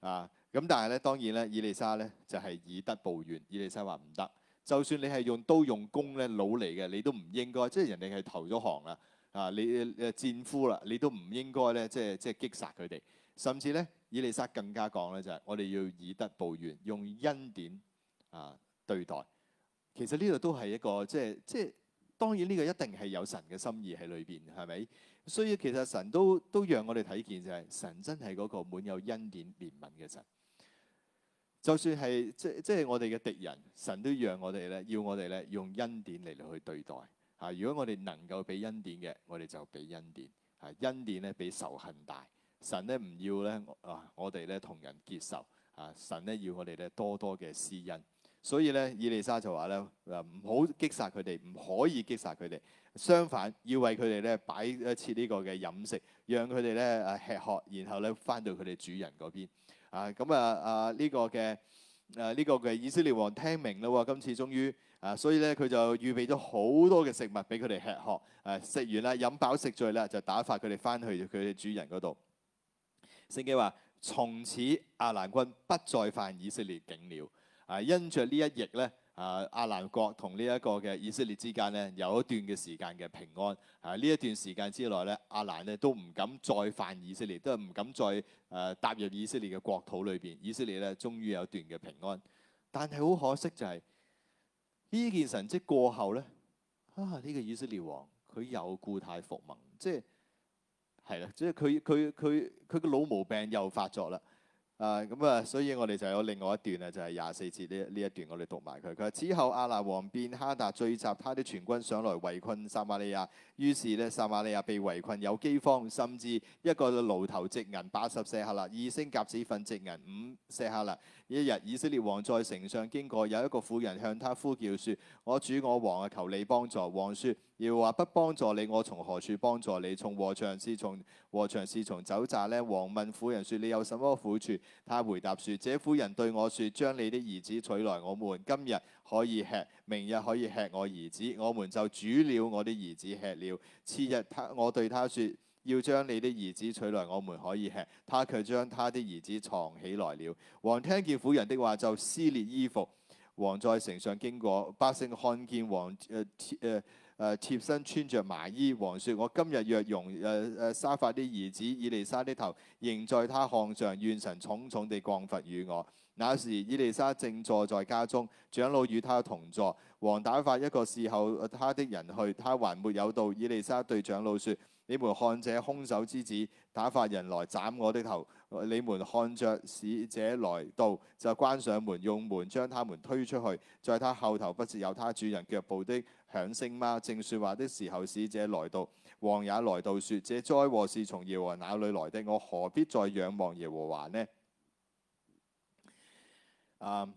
啊！咁但係咧，當然咧，以利沙咧就係、是、以德報怨。以利沙話唔得，就算你係用刀用弓咧，擄嚟嘅，你都唔應該。即、就、係、是、人哋係投咗降啦，啊，你誒戰俘啦，你都唔應該咧，即係即係擊殺佢哋，甚至咧。以利沙更加講咧就係我哋要以德報怨，用恩典啊對待。其實呢度都係一個即係即係，當然呢個一定係有神嘅心意喺裏邊，係咪？所以其實神都都讓我哋睇見就係神真係嗰個滿有恩典憐憫嘅神。就算係即即係我哋嘅敵人，神都讓我哋咧，要我哋咧用恩典嚟嚟去對待。啊，如果我哋能夠俾恩典嘅，我哋就俾恩典。啊，恩典咧比仇恨大。神咧唔要咧啊！我哋咧同人結仇啊！神咧要我哋咧多多嘅施恩，所以咧以利沙就話咧：唔好擊殺佢哋，唔可以擊殺佢哋。相反，要為佢哋咧擺設呢個嘅飲食，讓佢哋咧吃喝，然後咧翻到佢哋主人嗰邊啊！咁啊、呢個、啊呢、呢個嘅誒呢個嘅以色列王聽明啦喎！今次終於啊，所以咧佢就預備咗好多嘅食物俾佢哋吃喝誒、啊，食完啦，飲飽食醉啦，就打發佢哋翻去佢哋主人嗰度。聖經話：從此亞蘭軍不再犯以色列境了。啊，因着呢一役咧，啊亞蘭國同呢一個嘅以色列之間咧有一段嘅時間嘅平安。啊，呢一段時間之內咧，亞蘭咧都唔敢再犯以色列，都唔敢再誒、啊、踏入以色列嘅國土裏邊。以色列咧終於有一段嘅平安。但係好可惜就係、是、呢件神跡過後咧，啊呢、這個以色列王佢有故態復萌，即係。係啦，即係佢佢佢佢個老毛病又發作啦！啊咁啊，所以我哋就有另外一段啊，就係廿四節呢呢一,一段我，我哋讀埋佢。佢話：之後亞蘭王便哈達聚集他的全軍上來圍困撒瑪利亞，於是咧撒瑪利亞被圍困有饑荒，甚至一個驢頭值銀八十舍客勒，二升鴿子糞值銀五舍客勒。一日，以色列王在城上經過，有一個婦人向他呼叫，說，我主我王啊，求你幫助。王說，要話不幫助你，我從何處幫助你？從禾場是從禾場是從酒榨咧。王問婦人說，你有什麼苦處？他回答說，這婦人對我說，將你的兒子取來，我們今日可以吃，明日可以吃我兒子。我們就煮了我的兒子吃了。次日他，他我對他說要將你的兒子取來，我們可以吃。他卻將他的兒子藏起來了。王聽見婦人的話，就撕裂衣服。王在城上經過，百姓看見王誒誒誒貼身穿着麻衣。王説：我今日若容誒誒沙法的兒子以利沙的頭，仍在他項上，願神重重地降罰與我。那時以利沙正坐在家中，長老與他同坐。王打發一個侍候他的人去，他還沒有到，以利沙對長老説：你們看這兇手之子打發人來斬我的頭，你們看着使者來到，就關上門，用門將他們推出去。在他後頭不是有他主人腳步的響聲嗎？正說話的時候，使者來到，王也來到，說：這災禍是從耶和華那裏來的，我何必再仰望耶和華呢？啊、um，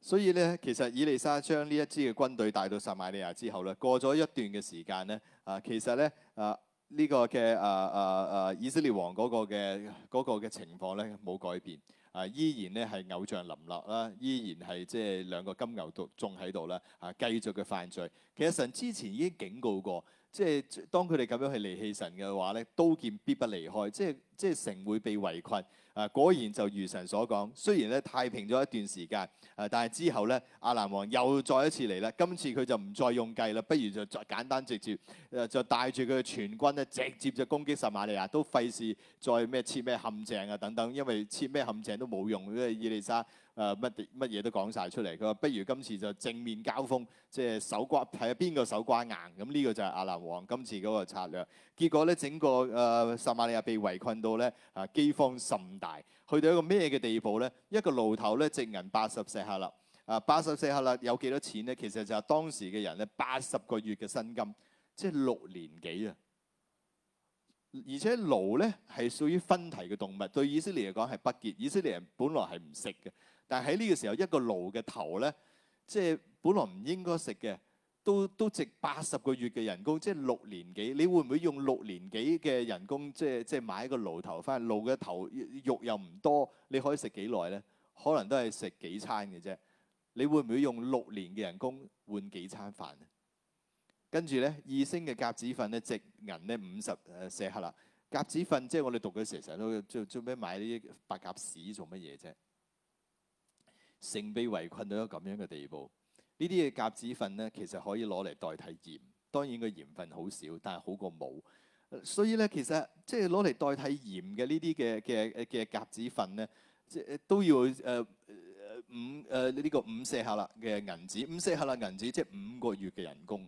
所以呢，其實以利沙將呢一支嘅軍隊帶到撒瑪利亞之後咧，過咗一段嘅時間呢，啊，其實呢。啊。呢個嘅誒誒誒以色列王嗰個嘅嗰個嘅情況咧，冇改變，啊，依然咧係偶像林立啦，依然係即係兩個金牛都仲喺度啦，啊，繼續嘅犯罪。其實神之前已經警告過。即係當佢哋咁樣去離棄神嘅話咧，刀劍必不離開，即係即係城會被圍困。啊，果然就如神所講。雖然咧太平咗一段時間，啊，但係之後咧，亞蘭王又再一次嚟啦。今次佢就唔再用計啦，不如就再簡單直接，誒，就帶住佢嘅全軍咧，直接就攻擊撒瑪利亞，都費事再咩設咩陷阱啊等等，因為設咩陷阱都冇用，因為以利沙。誒乜嘢乜嘢都講晒出嚟，佢話不如今次就正面交鋒，即係手瓜，睇下邊個手瓜硬。咁呢個就係亞蘭王今次嗰個策略。結果咧，整個誒撒瑪利亞被圍困到咧啊，饑荒甚大。去到一個咩嘅地步咧？一個驢頭咧，值銀八十舍客勒啊！八十舍客勒有幾多錢咧？其實就係當時嘅人咧八十個月嘅薪金，即係六年幾啊！而且驢咧係屬於分蹄嘅動物，對以色列嚟講係不潔。以色列人本來係唔食嘅。但喺呢個時候，一個爐嘅頭咧，即係本來唔應該食嘅，都都值八十個月嘅人工，即係六年幾。你會唔會用六年幾嘅人工，即係即係買一個爐頭翻？爐嘅頭肉又唔多，你可以食幾耐咧？可能都係食幾餐嘅啫。你會唔會用六年嘅人工換幾餐飯呢？跟住咧，二升嘅鴿子糞咧值銀咧五十誒舍客勒啦。鴿子糞即係我哋讀嘅時，成日都做做咩買啲白鴿屎做乜嘢啫？城被圍困到一個咁樣嘅地步，呢啲嘅鴿子糞咧，其實可以攞嚟代替鹽。當然個鹽分好少，但係好過冇。所以咧，其實即係攞嚟代替鹽嘅呢啲嘅嘅嘅鴿子糞咧，即係都要誒、呃、五誒呢、呃這個五舍客勒嘅銀子，五舍客勒銀子，即係五個月嘅人工，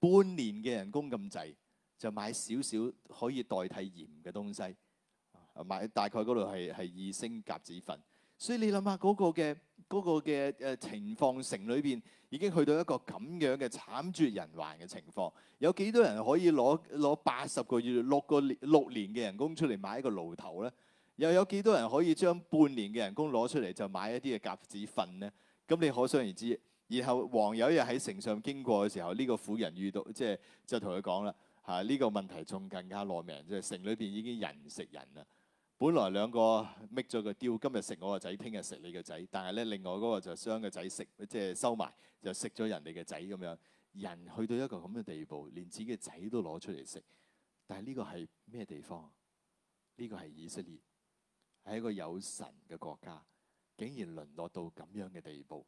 半年嘅人工咁滯，就買少少可以代替鹽嘅東西，買大概嗰度係係二升鴿子糞。所以你諗下嗰個嘅嗰個嘅誒情況，城裏邊已經去到一個咁樣嘅慘絕人寰嘅情況。有幾多人可以攞攞八十個月六個六年嘅人工出嚟買一個爐頭咧？又有幾多人可以將半年嘅人工攞出嚟就買一啲嘅鴿子糞呢？咁你可想而知。然後王有日喺城上經過嘅時候，呢個婦人遇到即係就同佢講啦嚇，呢個問題仲更加攞命，即係城裏邊已經人食人啦。本來兩個搣咗個雕，今日食我個仔，聽日食你個仔，但係咧另外嗰個就將個仔食，即係收埋，就食咗人哋嘅仔咁樣。人去到一個咁嘅地步，連自己仔都攞出嚟食。但係呢個係咩地方？呢個係以色列，係一個有神嘅國家，竟然淪落到咁樣嘅地步。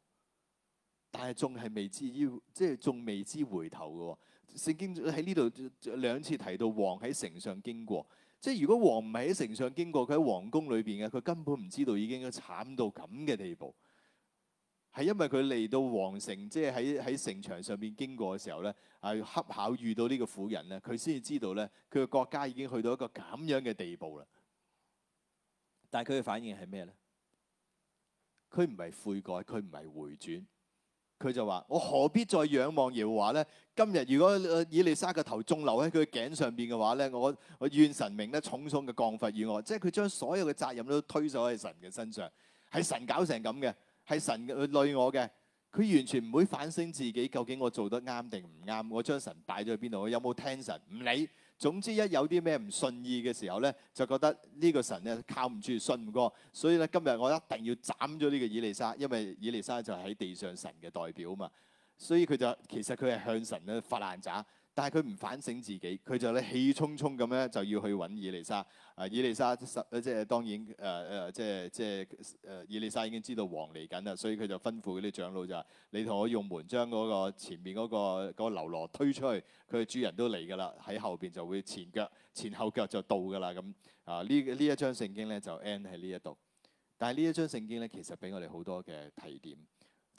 但係仲係未知要，即係仲未知回頭噶。聖經喺呢度兩次提到王喺城上經過。即係如果王唔係喺城上經過，佢喺皇宮裏邊嘅，佢根本唔知道已經慘到咁嘅地步。係因為佢嚟到皇城，即係喺喺城牆上邊經過嘅時候咧，係恰巧遇到呢個婦人咧，佢先至知道咧，佢嘅國家已經去到一個咁樣嘅地步啦。但係佢嘅反應係咩咧？佢唔係悔改，佢唔係回轉。佢就話：我何必再仰望耶和華咧？今日如果以利沙嘅頭仲留喺佢嘅頸上邊嘅話咧，我我願神明咧重重嘅降罰於我。即係佢將所有嘅責任都推咗喺神嘅身上，係神搞成咁嘅，係神累我嘅。佢完全唔會反省自己，究竟我做得啱定唔啱？我將神擺咗去邊度？有冇聽神？唔理。總之一有啲咩唔順意嘅時候咧，就覺得呢個神咧靠唔住，信唔過，所以咧今日我一定要斬咗呢個以利沙，因為以利沙就喺地上神嘅代表啊嘛，所以佢就其實佢係向神咧發爛渣。但係佢唔反省自己，佢就咧氣沖沖咁咧就要去揾以利沙。啊，以利沙即係當然誒誒、呃，即係即係誒、啊，以利沙已經知道王嚟緊啦，所以佢就吩咐嗰啲長老就你同我用門將嗰個前面嗰、嗰個流羅、嗰個、推出去，佢主人都嚟㗎啦，喺後邊就會前腳前後腳就到㗎啦咁。啊，呢呢一章聖經咧就 end 喺呢一度。但係呢一章聖經咧其實俾我哋好多嘅提點。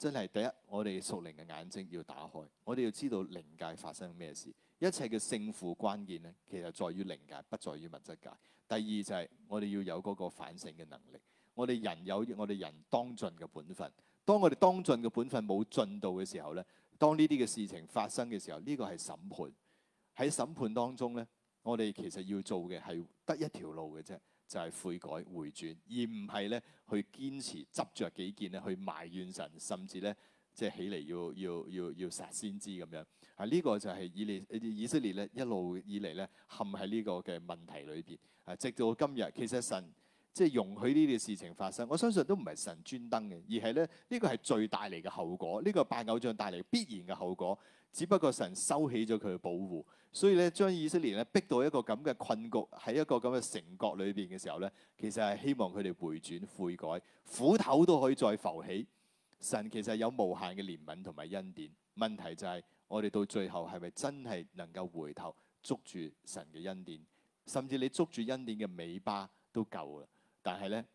真係第一，我哋屬靈嘅眼睛要打開，我哋要知道靈界發生咩事。一切嘅勝負關鍵咧，其實在於靈界，不在於物質界。第二就係我哋要有嗰個反省嘅能力。我哋人有我哋人當盡嘅本分。當我哋當盡嘅本分冇盡到嘅時候咧，當呢啲嘅事情發生嘅時候，呢個係審判。喺審判當中咧，我哋其實要做嘅係得一條路嘅啫。就係悔改回轉，而唔係咧去堅持執着己見咧去埋怨神，甚至咧即係起嚟要要要要殺先知咁樣啊！呢個就係以嚟以色列咧一路以嚟咧陷喺呢個嘅問題裏邊啊，直到今日其實神。即係容許呢啲事情發生，我相信都唔係神專登嘅，而係咧呢個係罪帶嚟嘅後果，呢個拜偶像帶嚟必然嘅後果。只不過神收起咗佢嘅保護，所以咧將以色列咧逼到一個咁嘅困局，喺一個咁嘅城角裏邊嘅時候咧，其實係希望佢哋回轉悔改，斧頭都可以再浮起。神其實有無限嘅憐憫同埋恩典。問題就係我哋到最後係咪真係能夠回頭捉住神嘅恩典，甚至你捉住恩典嘅尾巴都夠啦。但係咧，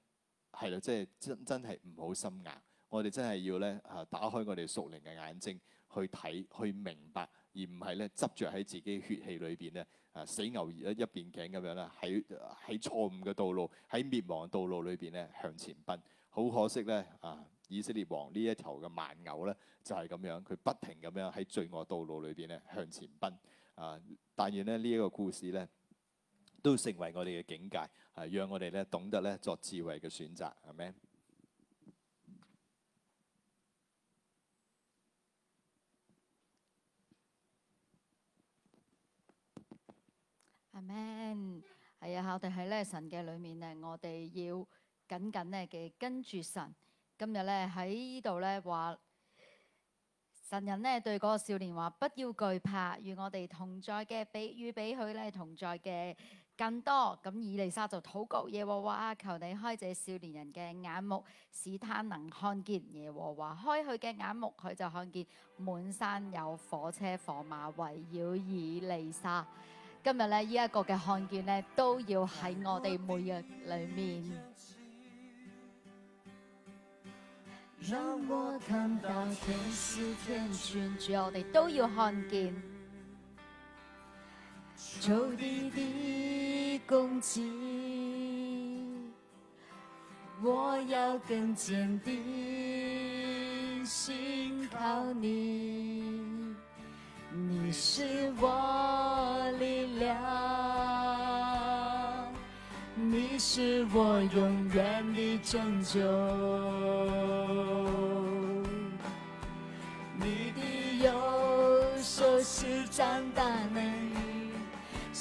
係啦，即係真真係唔好心硬。我哋真係要咧，啊，打開我哋屬靈嘅眼睛去睇、去明白，而唔係咧執着喺自己血氣裏邊咧，啊，死牛而一邊頸咁樣啦，喺喺錯誤嘅道路、喺滅亡嘅道路裏邊咧向前奔。好可惜咧，啊，以色列王呢一頭嘅蠻牛咧就係咁樣，佢不停咁樣喺罪惡道路裏邊咧向前奔。啊，但願咧呢一個故事咧～都成為我哋嘅境界，係讓我哋咧懂得咧作智慧嘅選擇，係咪？Amen。係啊，我哋喺咧神嘅裏面咧，我哋要緊緊咧嘅跟住神。今日咧喺呢度咧話，神人咧對嗰個少年話：不要懼怕，與我哋同在嘅比與比佢咧同在嘅。更多咁，以利沙就禱告耶和華啊，求你開這少年人嘅眼目，使他能看見耶和華。開佢嘅眼目，佢就看見滿山有火車、火馬圍繞以利沙。今日呢，呢、這、一個嘅看見呢，都要喺我哋每日裏面。讓我看到天使天選，主我哋都要看見。仇敵的攻擊，我要更堅定信靠你。你是我力量，你是我永遠的拯救。你的右手是張大能。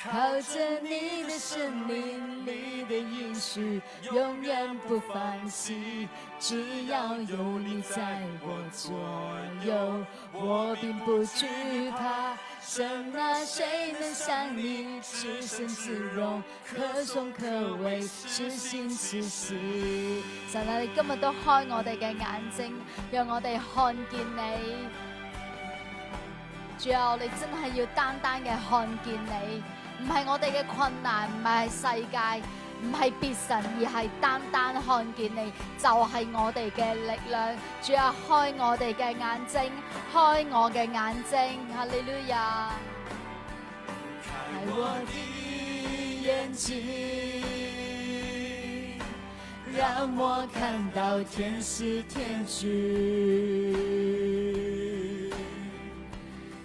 靠着你的生命你的應許，永遠不放棄。只要有你在我左右，我並不懼怕。神啊，誰能像你？至聖至榮，可頌可畏，施行奇事。神啊，你今日都開我哋嘅眼睛，讓我哋看見你。最後，你真係要單單嘅看見你。唔係我哋嘅困難，唔係世界，唔係別神，而係單單看見你，就係我哋嘅力量。主啊，開我哋嘅眼睛，開我嘅眼睛啊！哈利路亞，開我嘅眼睛，讓我看到天使天軍，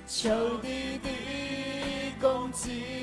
求你的公義。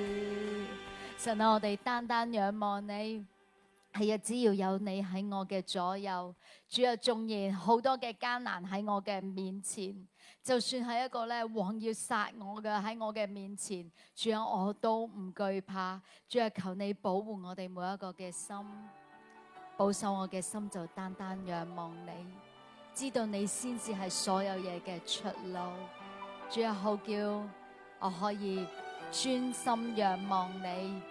神啊，我哋單單仰望你。係啊，只要有你喺我嘅左右，主啊，縱然好多嘅艱難喺我嘅面前，就算係一個咧王要殺我嘅喺我嘅面前，主啊，我都唔懼怕。主啊，求你保護我哋每一個嘅心，保守我嘅心就單單仰望你。知道你先至係所有嘢嘅出路。主啊，好叫我可以專心仰望你。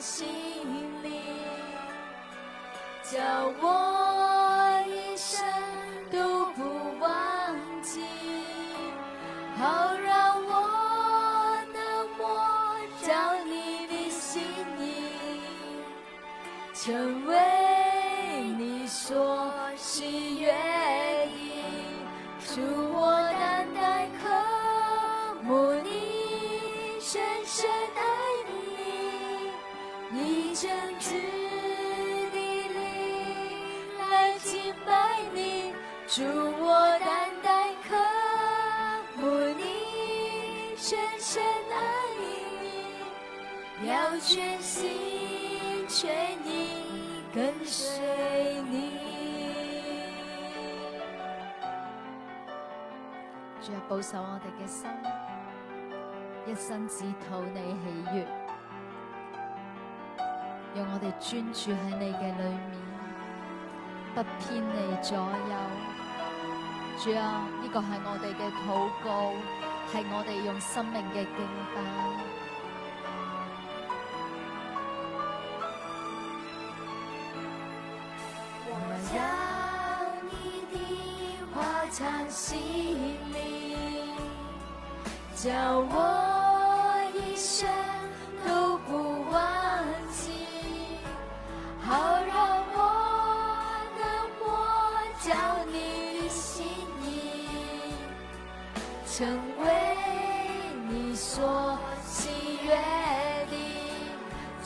心裏叫我。主，我單單渴慕你，深深愛你，要全心全意跟隨你。主啊，保守我哋嘅心，一生只討你喜悦，讓我哋專注喺你嘅裏面，不偏離左右。主啊，呢個係我哋嘅禱告，係我哋用生命嘅敬拜。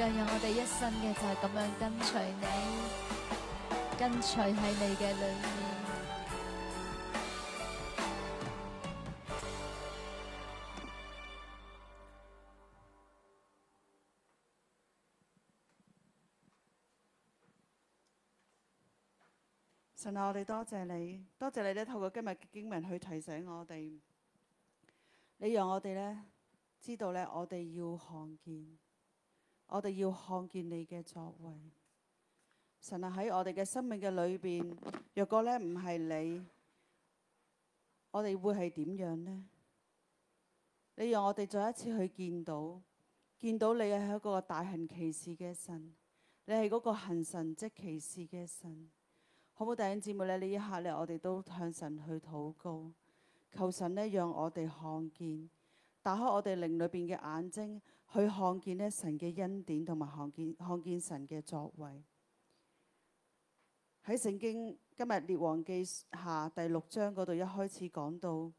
讓有我哋一生嘅，就係咁樣跟隨你，跟隨喺你嘅裏面。神啊，我哋多謝你，多謝你呢透過今日嘅經文去提醒我哋，你讓我哋呢知道呢，我哋要看見。我哋要看見你嘅作為，神啊，喺我哋嘅生命嘅裏邊，若果呢唔係你，我哋會係點樣呢？你讓我哋再一次去見到，見到你係一個大行奇事嘅神，你係嗰個行神蹟奇事嘅神，好唔好？弟兄姊妹咧，呢一刻咧，我哋都向神去禱告，求神呢讓我哋看見。打開我哋靈裏邊嘅眼睛，去看見呢神嘅恩典，同埋看見看見神嘅作為。喺聖經今日列王記下第六章嗰度一開始講到，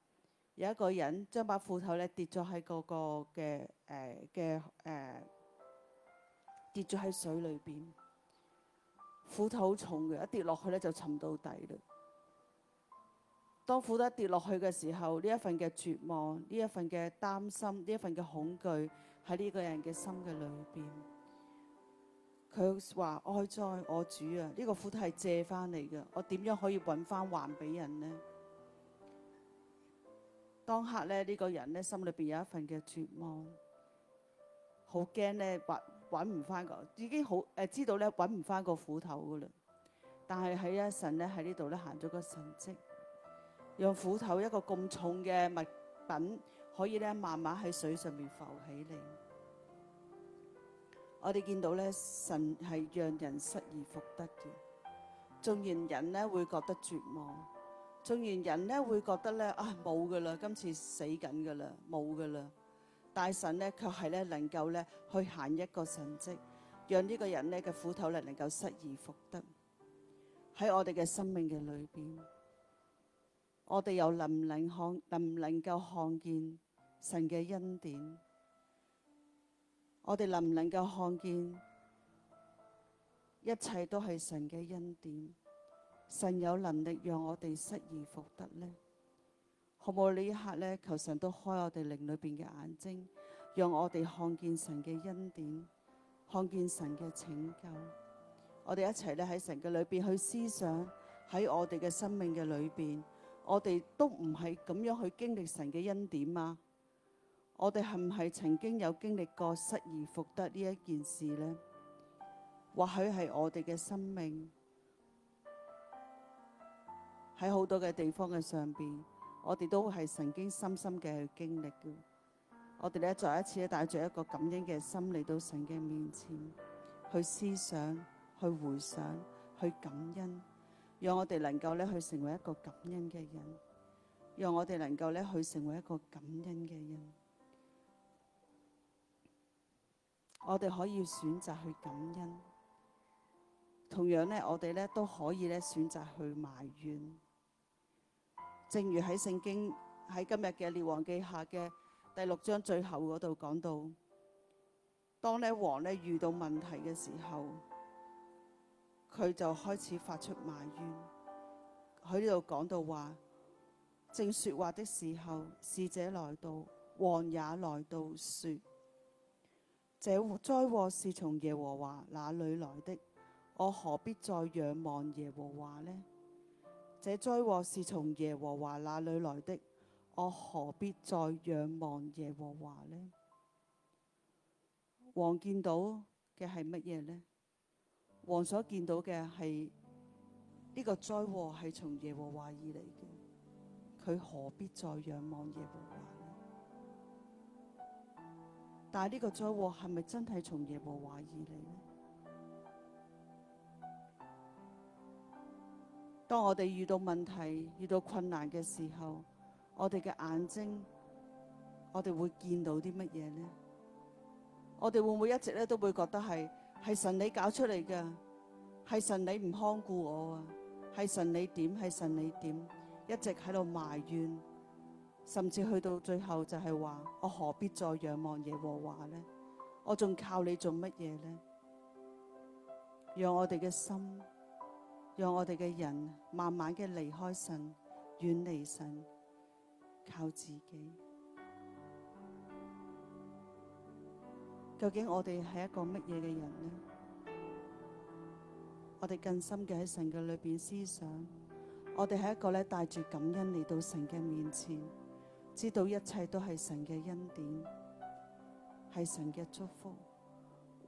有一個人將把斧頭咧跌咗喺個個嘅誒嘅誒跌咗喺水裏邊，斧頭好重嘅，一跌落去咧就沉到底嘞。當斧頭跌落去嘅時候，呢一份嘅絕望，呢一份嘅擔心，呢一份嘅恐懼喺呢個人嘅心嘅裏邊，佢話哀哉，我主啊！呢個斧頭係借翻嚟嘅，我點樣可以搵翻還俾人呢？當刻咧呢、呢個人咧心裏邊有一份嘅絕望，好驚咧，搵搵唔翻個，已經好誒、呃、知道咧搵唔翻個斧頭噶啦，但係喺一神咧喺呢度咧行咗個神跡。讓斧頭一個咁重嘅物品可以咧慢慢喺水上面浮起嚟。我哋見到咧，神係讓人失而復得嘅。縱然人咧會覺得絕望，縱然人咧會覺得咧啊冇噶啦，今次死緊噶啦，冇噶啦，但係神咧卻係咧能夠咧去行一個神蹟，讓呢個人咧嘅斧頭咧能夠失而復得。喺我哋嘅生命嘅裏邊。我哋又能唔能看，能唔能夠看見神嘅恩典？我哋能唔能夠看見一切都係神嘅恩典？神有能力讓我哋失而復得呢？好唔好呢一刻呢，求神都開我哋靈裏邊嘅眼睛，讓我哋看見神嘅恩典，看見神嘅拯救。我哋一齊咧喺神嘅裏邊去思想，喺我哋嘅生命嘅裏邊。我哋都唔係咁樣去經歷神嘅恩典啊。我哋係唔係曾經有經歷過失而復得呢一件事呢？或許係我哋嘅生命喺好多嘅地方嘅上邊，我哋都係曾經深深嘅去經歷嘅。我哋咧再一次咧，帶着一個感恩嘅心嚟到神嘅面前，去思想、去回想、去感恩。讓我哋能夠咧去成為一個感恩嘅人，讓我哋能夠咧去成為一個感恩嘅人。我哋可以選擇去感恩，同樣咧，我哋咧都可以咧選擇去埋怨。正如喺聖經喺今日嘅列王記下嘅第六章最後嗰度講到，當咧王咧遇到問題嘅時候。佢就開始發出埋怨，喺呢度講到話，正説話的時候，使者來到，王也來到說，説：這災禍是從耶和華那裏來的，我何必再仰望耶和華呢？這災禍是從耶和華那裏來的，我何必再仰望耶和華呢？王見到嘅係乜嘢呢？王所見到嘅係呢個災禍係從耶和華而嚟嘅，佢何必再仰望耶和華？但係呢個災禍係咪真係從耶和華而嚟咧？當我哋遇到問題、遇到困難嘅時候，我哋嘅眼睛，我哋會見到啲乜嘢咧？我哋會唔會一直咧都會覺得係？係神你搞出嚟㗎，係神你唔看顧我啊，係神你點？係神你點？一直喺度埋怨，甚至去到最後就係話：我何必再仰望耶和華呢？我仲靠你做乜嘢呢？讓我哋嘅心，讓我哋嘅人慢慢嘅離開神，遠離神，靠自己。究竟我哋係一個乜嘢嘅人呢？我哋更深嘅喺神嘅裏邊思想，我哋係一個咧，帶住感恩嚟到神嘅面前，知道一切都係神嘅恩典，係神嘅祝福，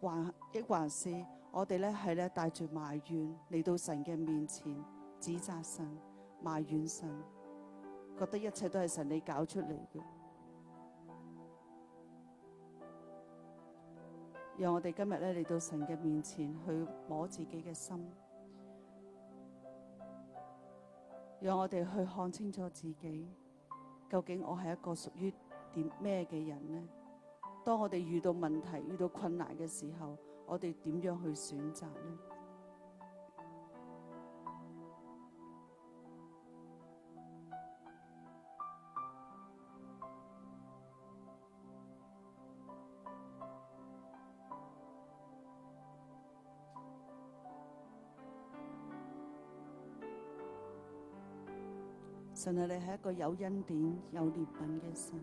還亦還是我哋咧係咧帶住埋怨嚟到神嘅面前，指責神、埋怨神，覺得一切都係神你搞出嚟嘅。讓我哋今日呢，嚟到神嘅面前去摸自己嘅心，讓我哋去看清楚自己，究竟我係一個屬於點咩嘅人呢？當我哋遇到問題、遇到困難嘅時候，我哋點樣去選擇呢？神啊，你係一個有恩典、有憐憫嘅神。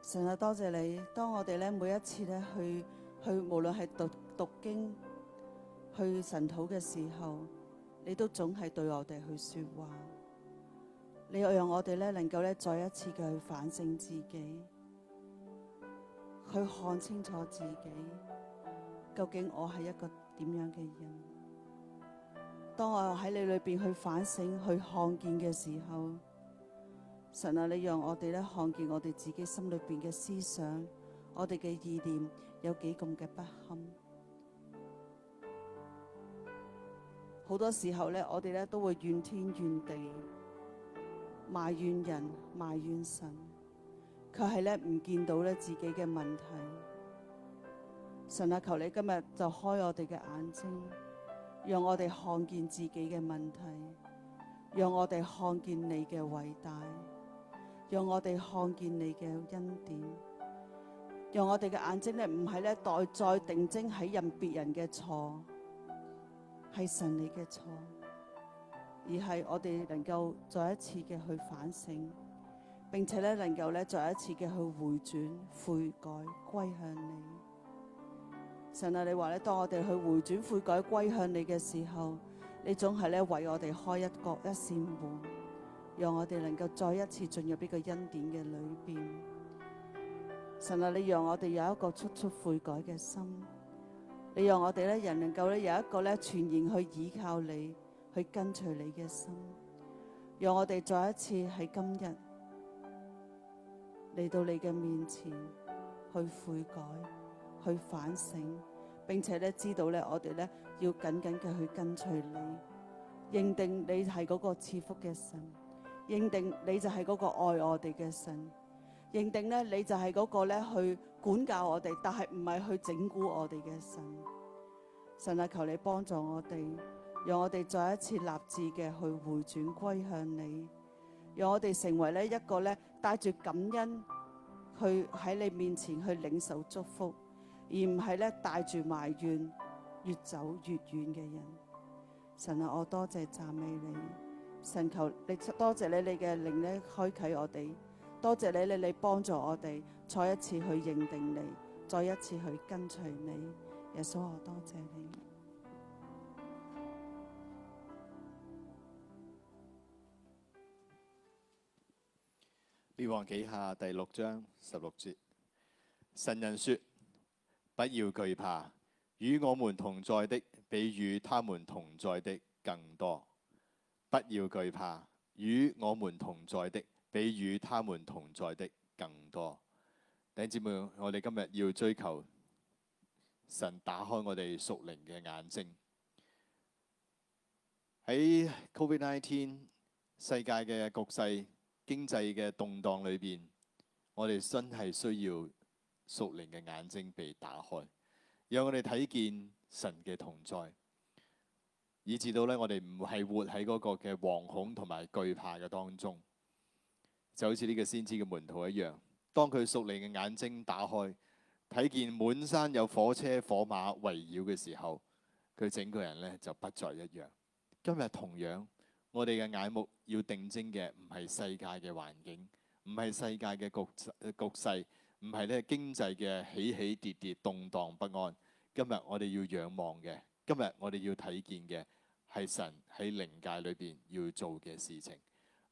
神啊，多謝你，當我哋咧每一次咧去去，去無論係讀讀經、去神土嘅時候，你都總係對我哋去說話，你又讓我哋咧能夠咧再一次嘅去反省自己，去看清楚自己，究竟我係一個點樣嘅人。當我喺你裏邊去反省、去看見嘅時候，神啊，你讓我哋咧看見我哋自己心裏邊嘅思想，我哋嘅意念有幾咁嘅不堪。好多時候咧，我哋咧都會怨天怨地，埋怨人、埋怨神，卻係咧唔見到咧自己嘅問題。神啊，求你今日就開我哋嘅眼睛。讓我哋看見自己嘅問題，讓我哋看見你嘅偉大，讓我哋看見你嘅恩典，讓我哋嘅眼睛咧唔係咧待再定睛喺任別人嘅錯，係神你嘅錯，而係我哋能夠再一次嘅去反省，並且咧能夠咧再一次嘅去回轉悔改歸向你。神啊，你話咧，當我哋去回轉悔改歸向你嘅時候，你總係咧為我哋開一角一扇門，讓我哋能夠再一次進入呢個恩典嘅裏邊。神啊，你讓我哋有一個速速悔改嘅心，你讓我哋咧人能夠咧有一個咧全然去依靠你，去跟隨你嘅心，讓我哋再一次喺今日嚟到你嘅面前去悔改。去反省，並且咧知道咧，我哋咧要緊緊嘅去跟隨你，認定你係嗰個賜福嘅神，認定你就係嗰個愛我哋嘅神，認定咧你就係嗰個咧去管教我哋，但係唔係去整蠱我哋嘅神。神啊，求你幫助我哋，讓我哋再一次立志嘅去回轉歸向你，讓我哋成為呢一個咧帶住感恩去喺你面前去領受祝福，而唔係咧帶住埋怨越走越遠嘅人，神啊，我多謝讚美你，神求你多謝你你嘅靈力開啟我哋，多謝你你你幫助我哋，再一次去認定你，再一次去跟隨你，耶穌我多謝你。列王記下第六章十六節，神人說。不要懼怕，與我們同在的比與他們同在的更多。不要懼怕，與我們同在的比與他們同在的更多。頂姊妹，我哋今日要追求神打開我哋屬靈嘅眼睛。喺 Covid nineteen 世界嘅局勢、經濟嘅動蕩裏邊，我哋真係需要。熟屬靈嘅眼睛被打開，讓我哋睇見神嘅同在，以至到咧我哋唔係活喺嗰個嘅惶恐同埋懼怕嘅當中，就好似呢個先知嘅門徒一樣。當佢屬靈嘅眼睛打開，睇見滿山有火車火馬圍繞嘅時候，佢整個人咧就不再一樣。今日同樣，我哋嘅眼目要定睛嘅唔係世界嘅環境，唔係世界嘅局局勢。唔係咧，經濟嘅起起跌跌，動盪不安。今日我哋要仰望嘅，今日我哋要睇見嘅，係神喺靈界裏邊要做嘅事情。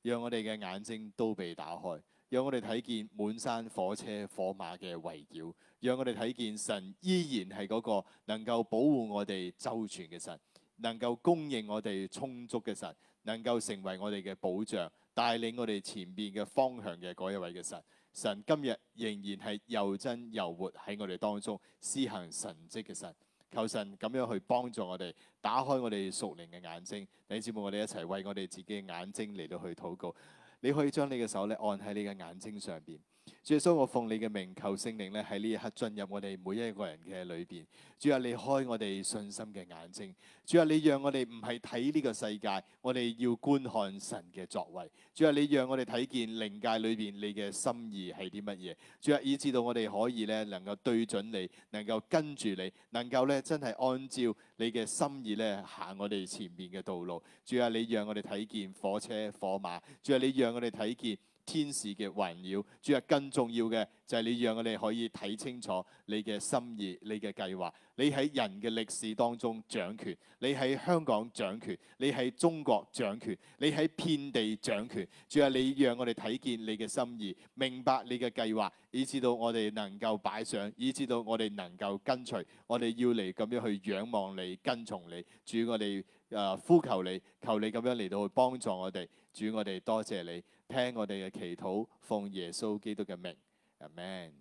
讓我哋嘅眼睛都被打開，讓我哋睇見滿山火車火馬嘅圍繞，讓我哋睇見神依然係嗰個能夠保護我哋周全嘅神，能夠供應我哋充足嘅神，能夠成為我哋嘅保障，帶領我哋前面嘅方向嘅嗰一位嘅神。神今日仍然係又真又活喺我哋當中施行神蹟嘅神，求神咁樣去幫助我哋打開我哋屬靈嘅眼睛。弟兄姊妹，我哋一齊為我哋自己嘅眼睛嚟到去禱告。你可以將你嘅手咧按喺你嘅眼睛上邊。主耶穌，我奉你嘅名求聖靈咧喺呢一刻進入我哋每一個人嘅裏邊。主啊，你開我哋信心嘅眼睛。主啊，你讓我哋唔係睇呢個世界，我哋要觀看神嘅作為。主啊，你讓我哋睇見靈界裏邊你嘅心意係啲乜嘢。主啊，以至到我哋可以咧能夠對準你，能夠跟住你，能夠咧真係按照你嘅心意咧行我哋前面嘅道路。主啊，你讓我哋睇見火車火馬。主啊，你讓我哋睇見。天使嘅環繞，主啊，更重要嘅就係你讓我哋可以睇清楚你嘅心意、你嘅計劃。你喺人嘅歷史當中掌權，你喺香港掌權，你喺中國掌權，你喺遍地掌權。主啊，你讓我哋睇見你嘅心意，明白你嘅計劃，以至到我哋能夠擺上，以至到我哋能夠跟隨。我哋要嚟咁樣去仰望你，跟從你。主，我哋誒呼求你，求你咁樣嚟到去幫助我哋。主，我哋多謝你。聽我哋嘅祈禱，奉耶穌基督嘅名，阿門。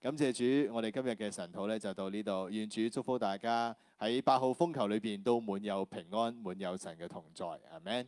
感謝主，我哋今日嘅神禱咧就到呢度，願主祝福大家喺八號風球裏邊都滿有平安，滿有神嘅同在，阿門。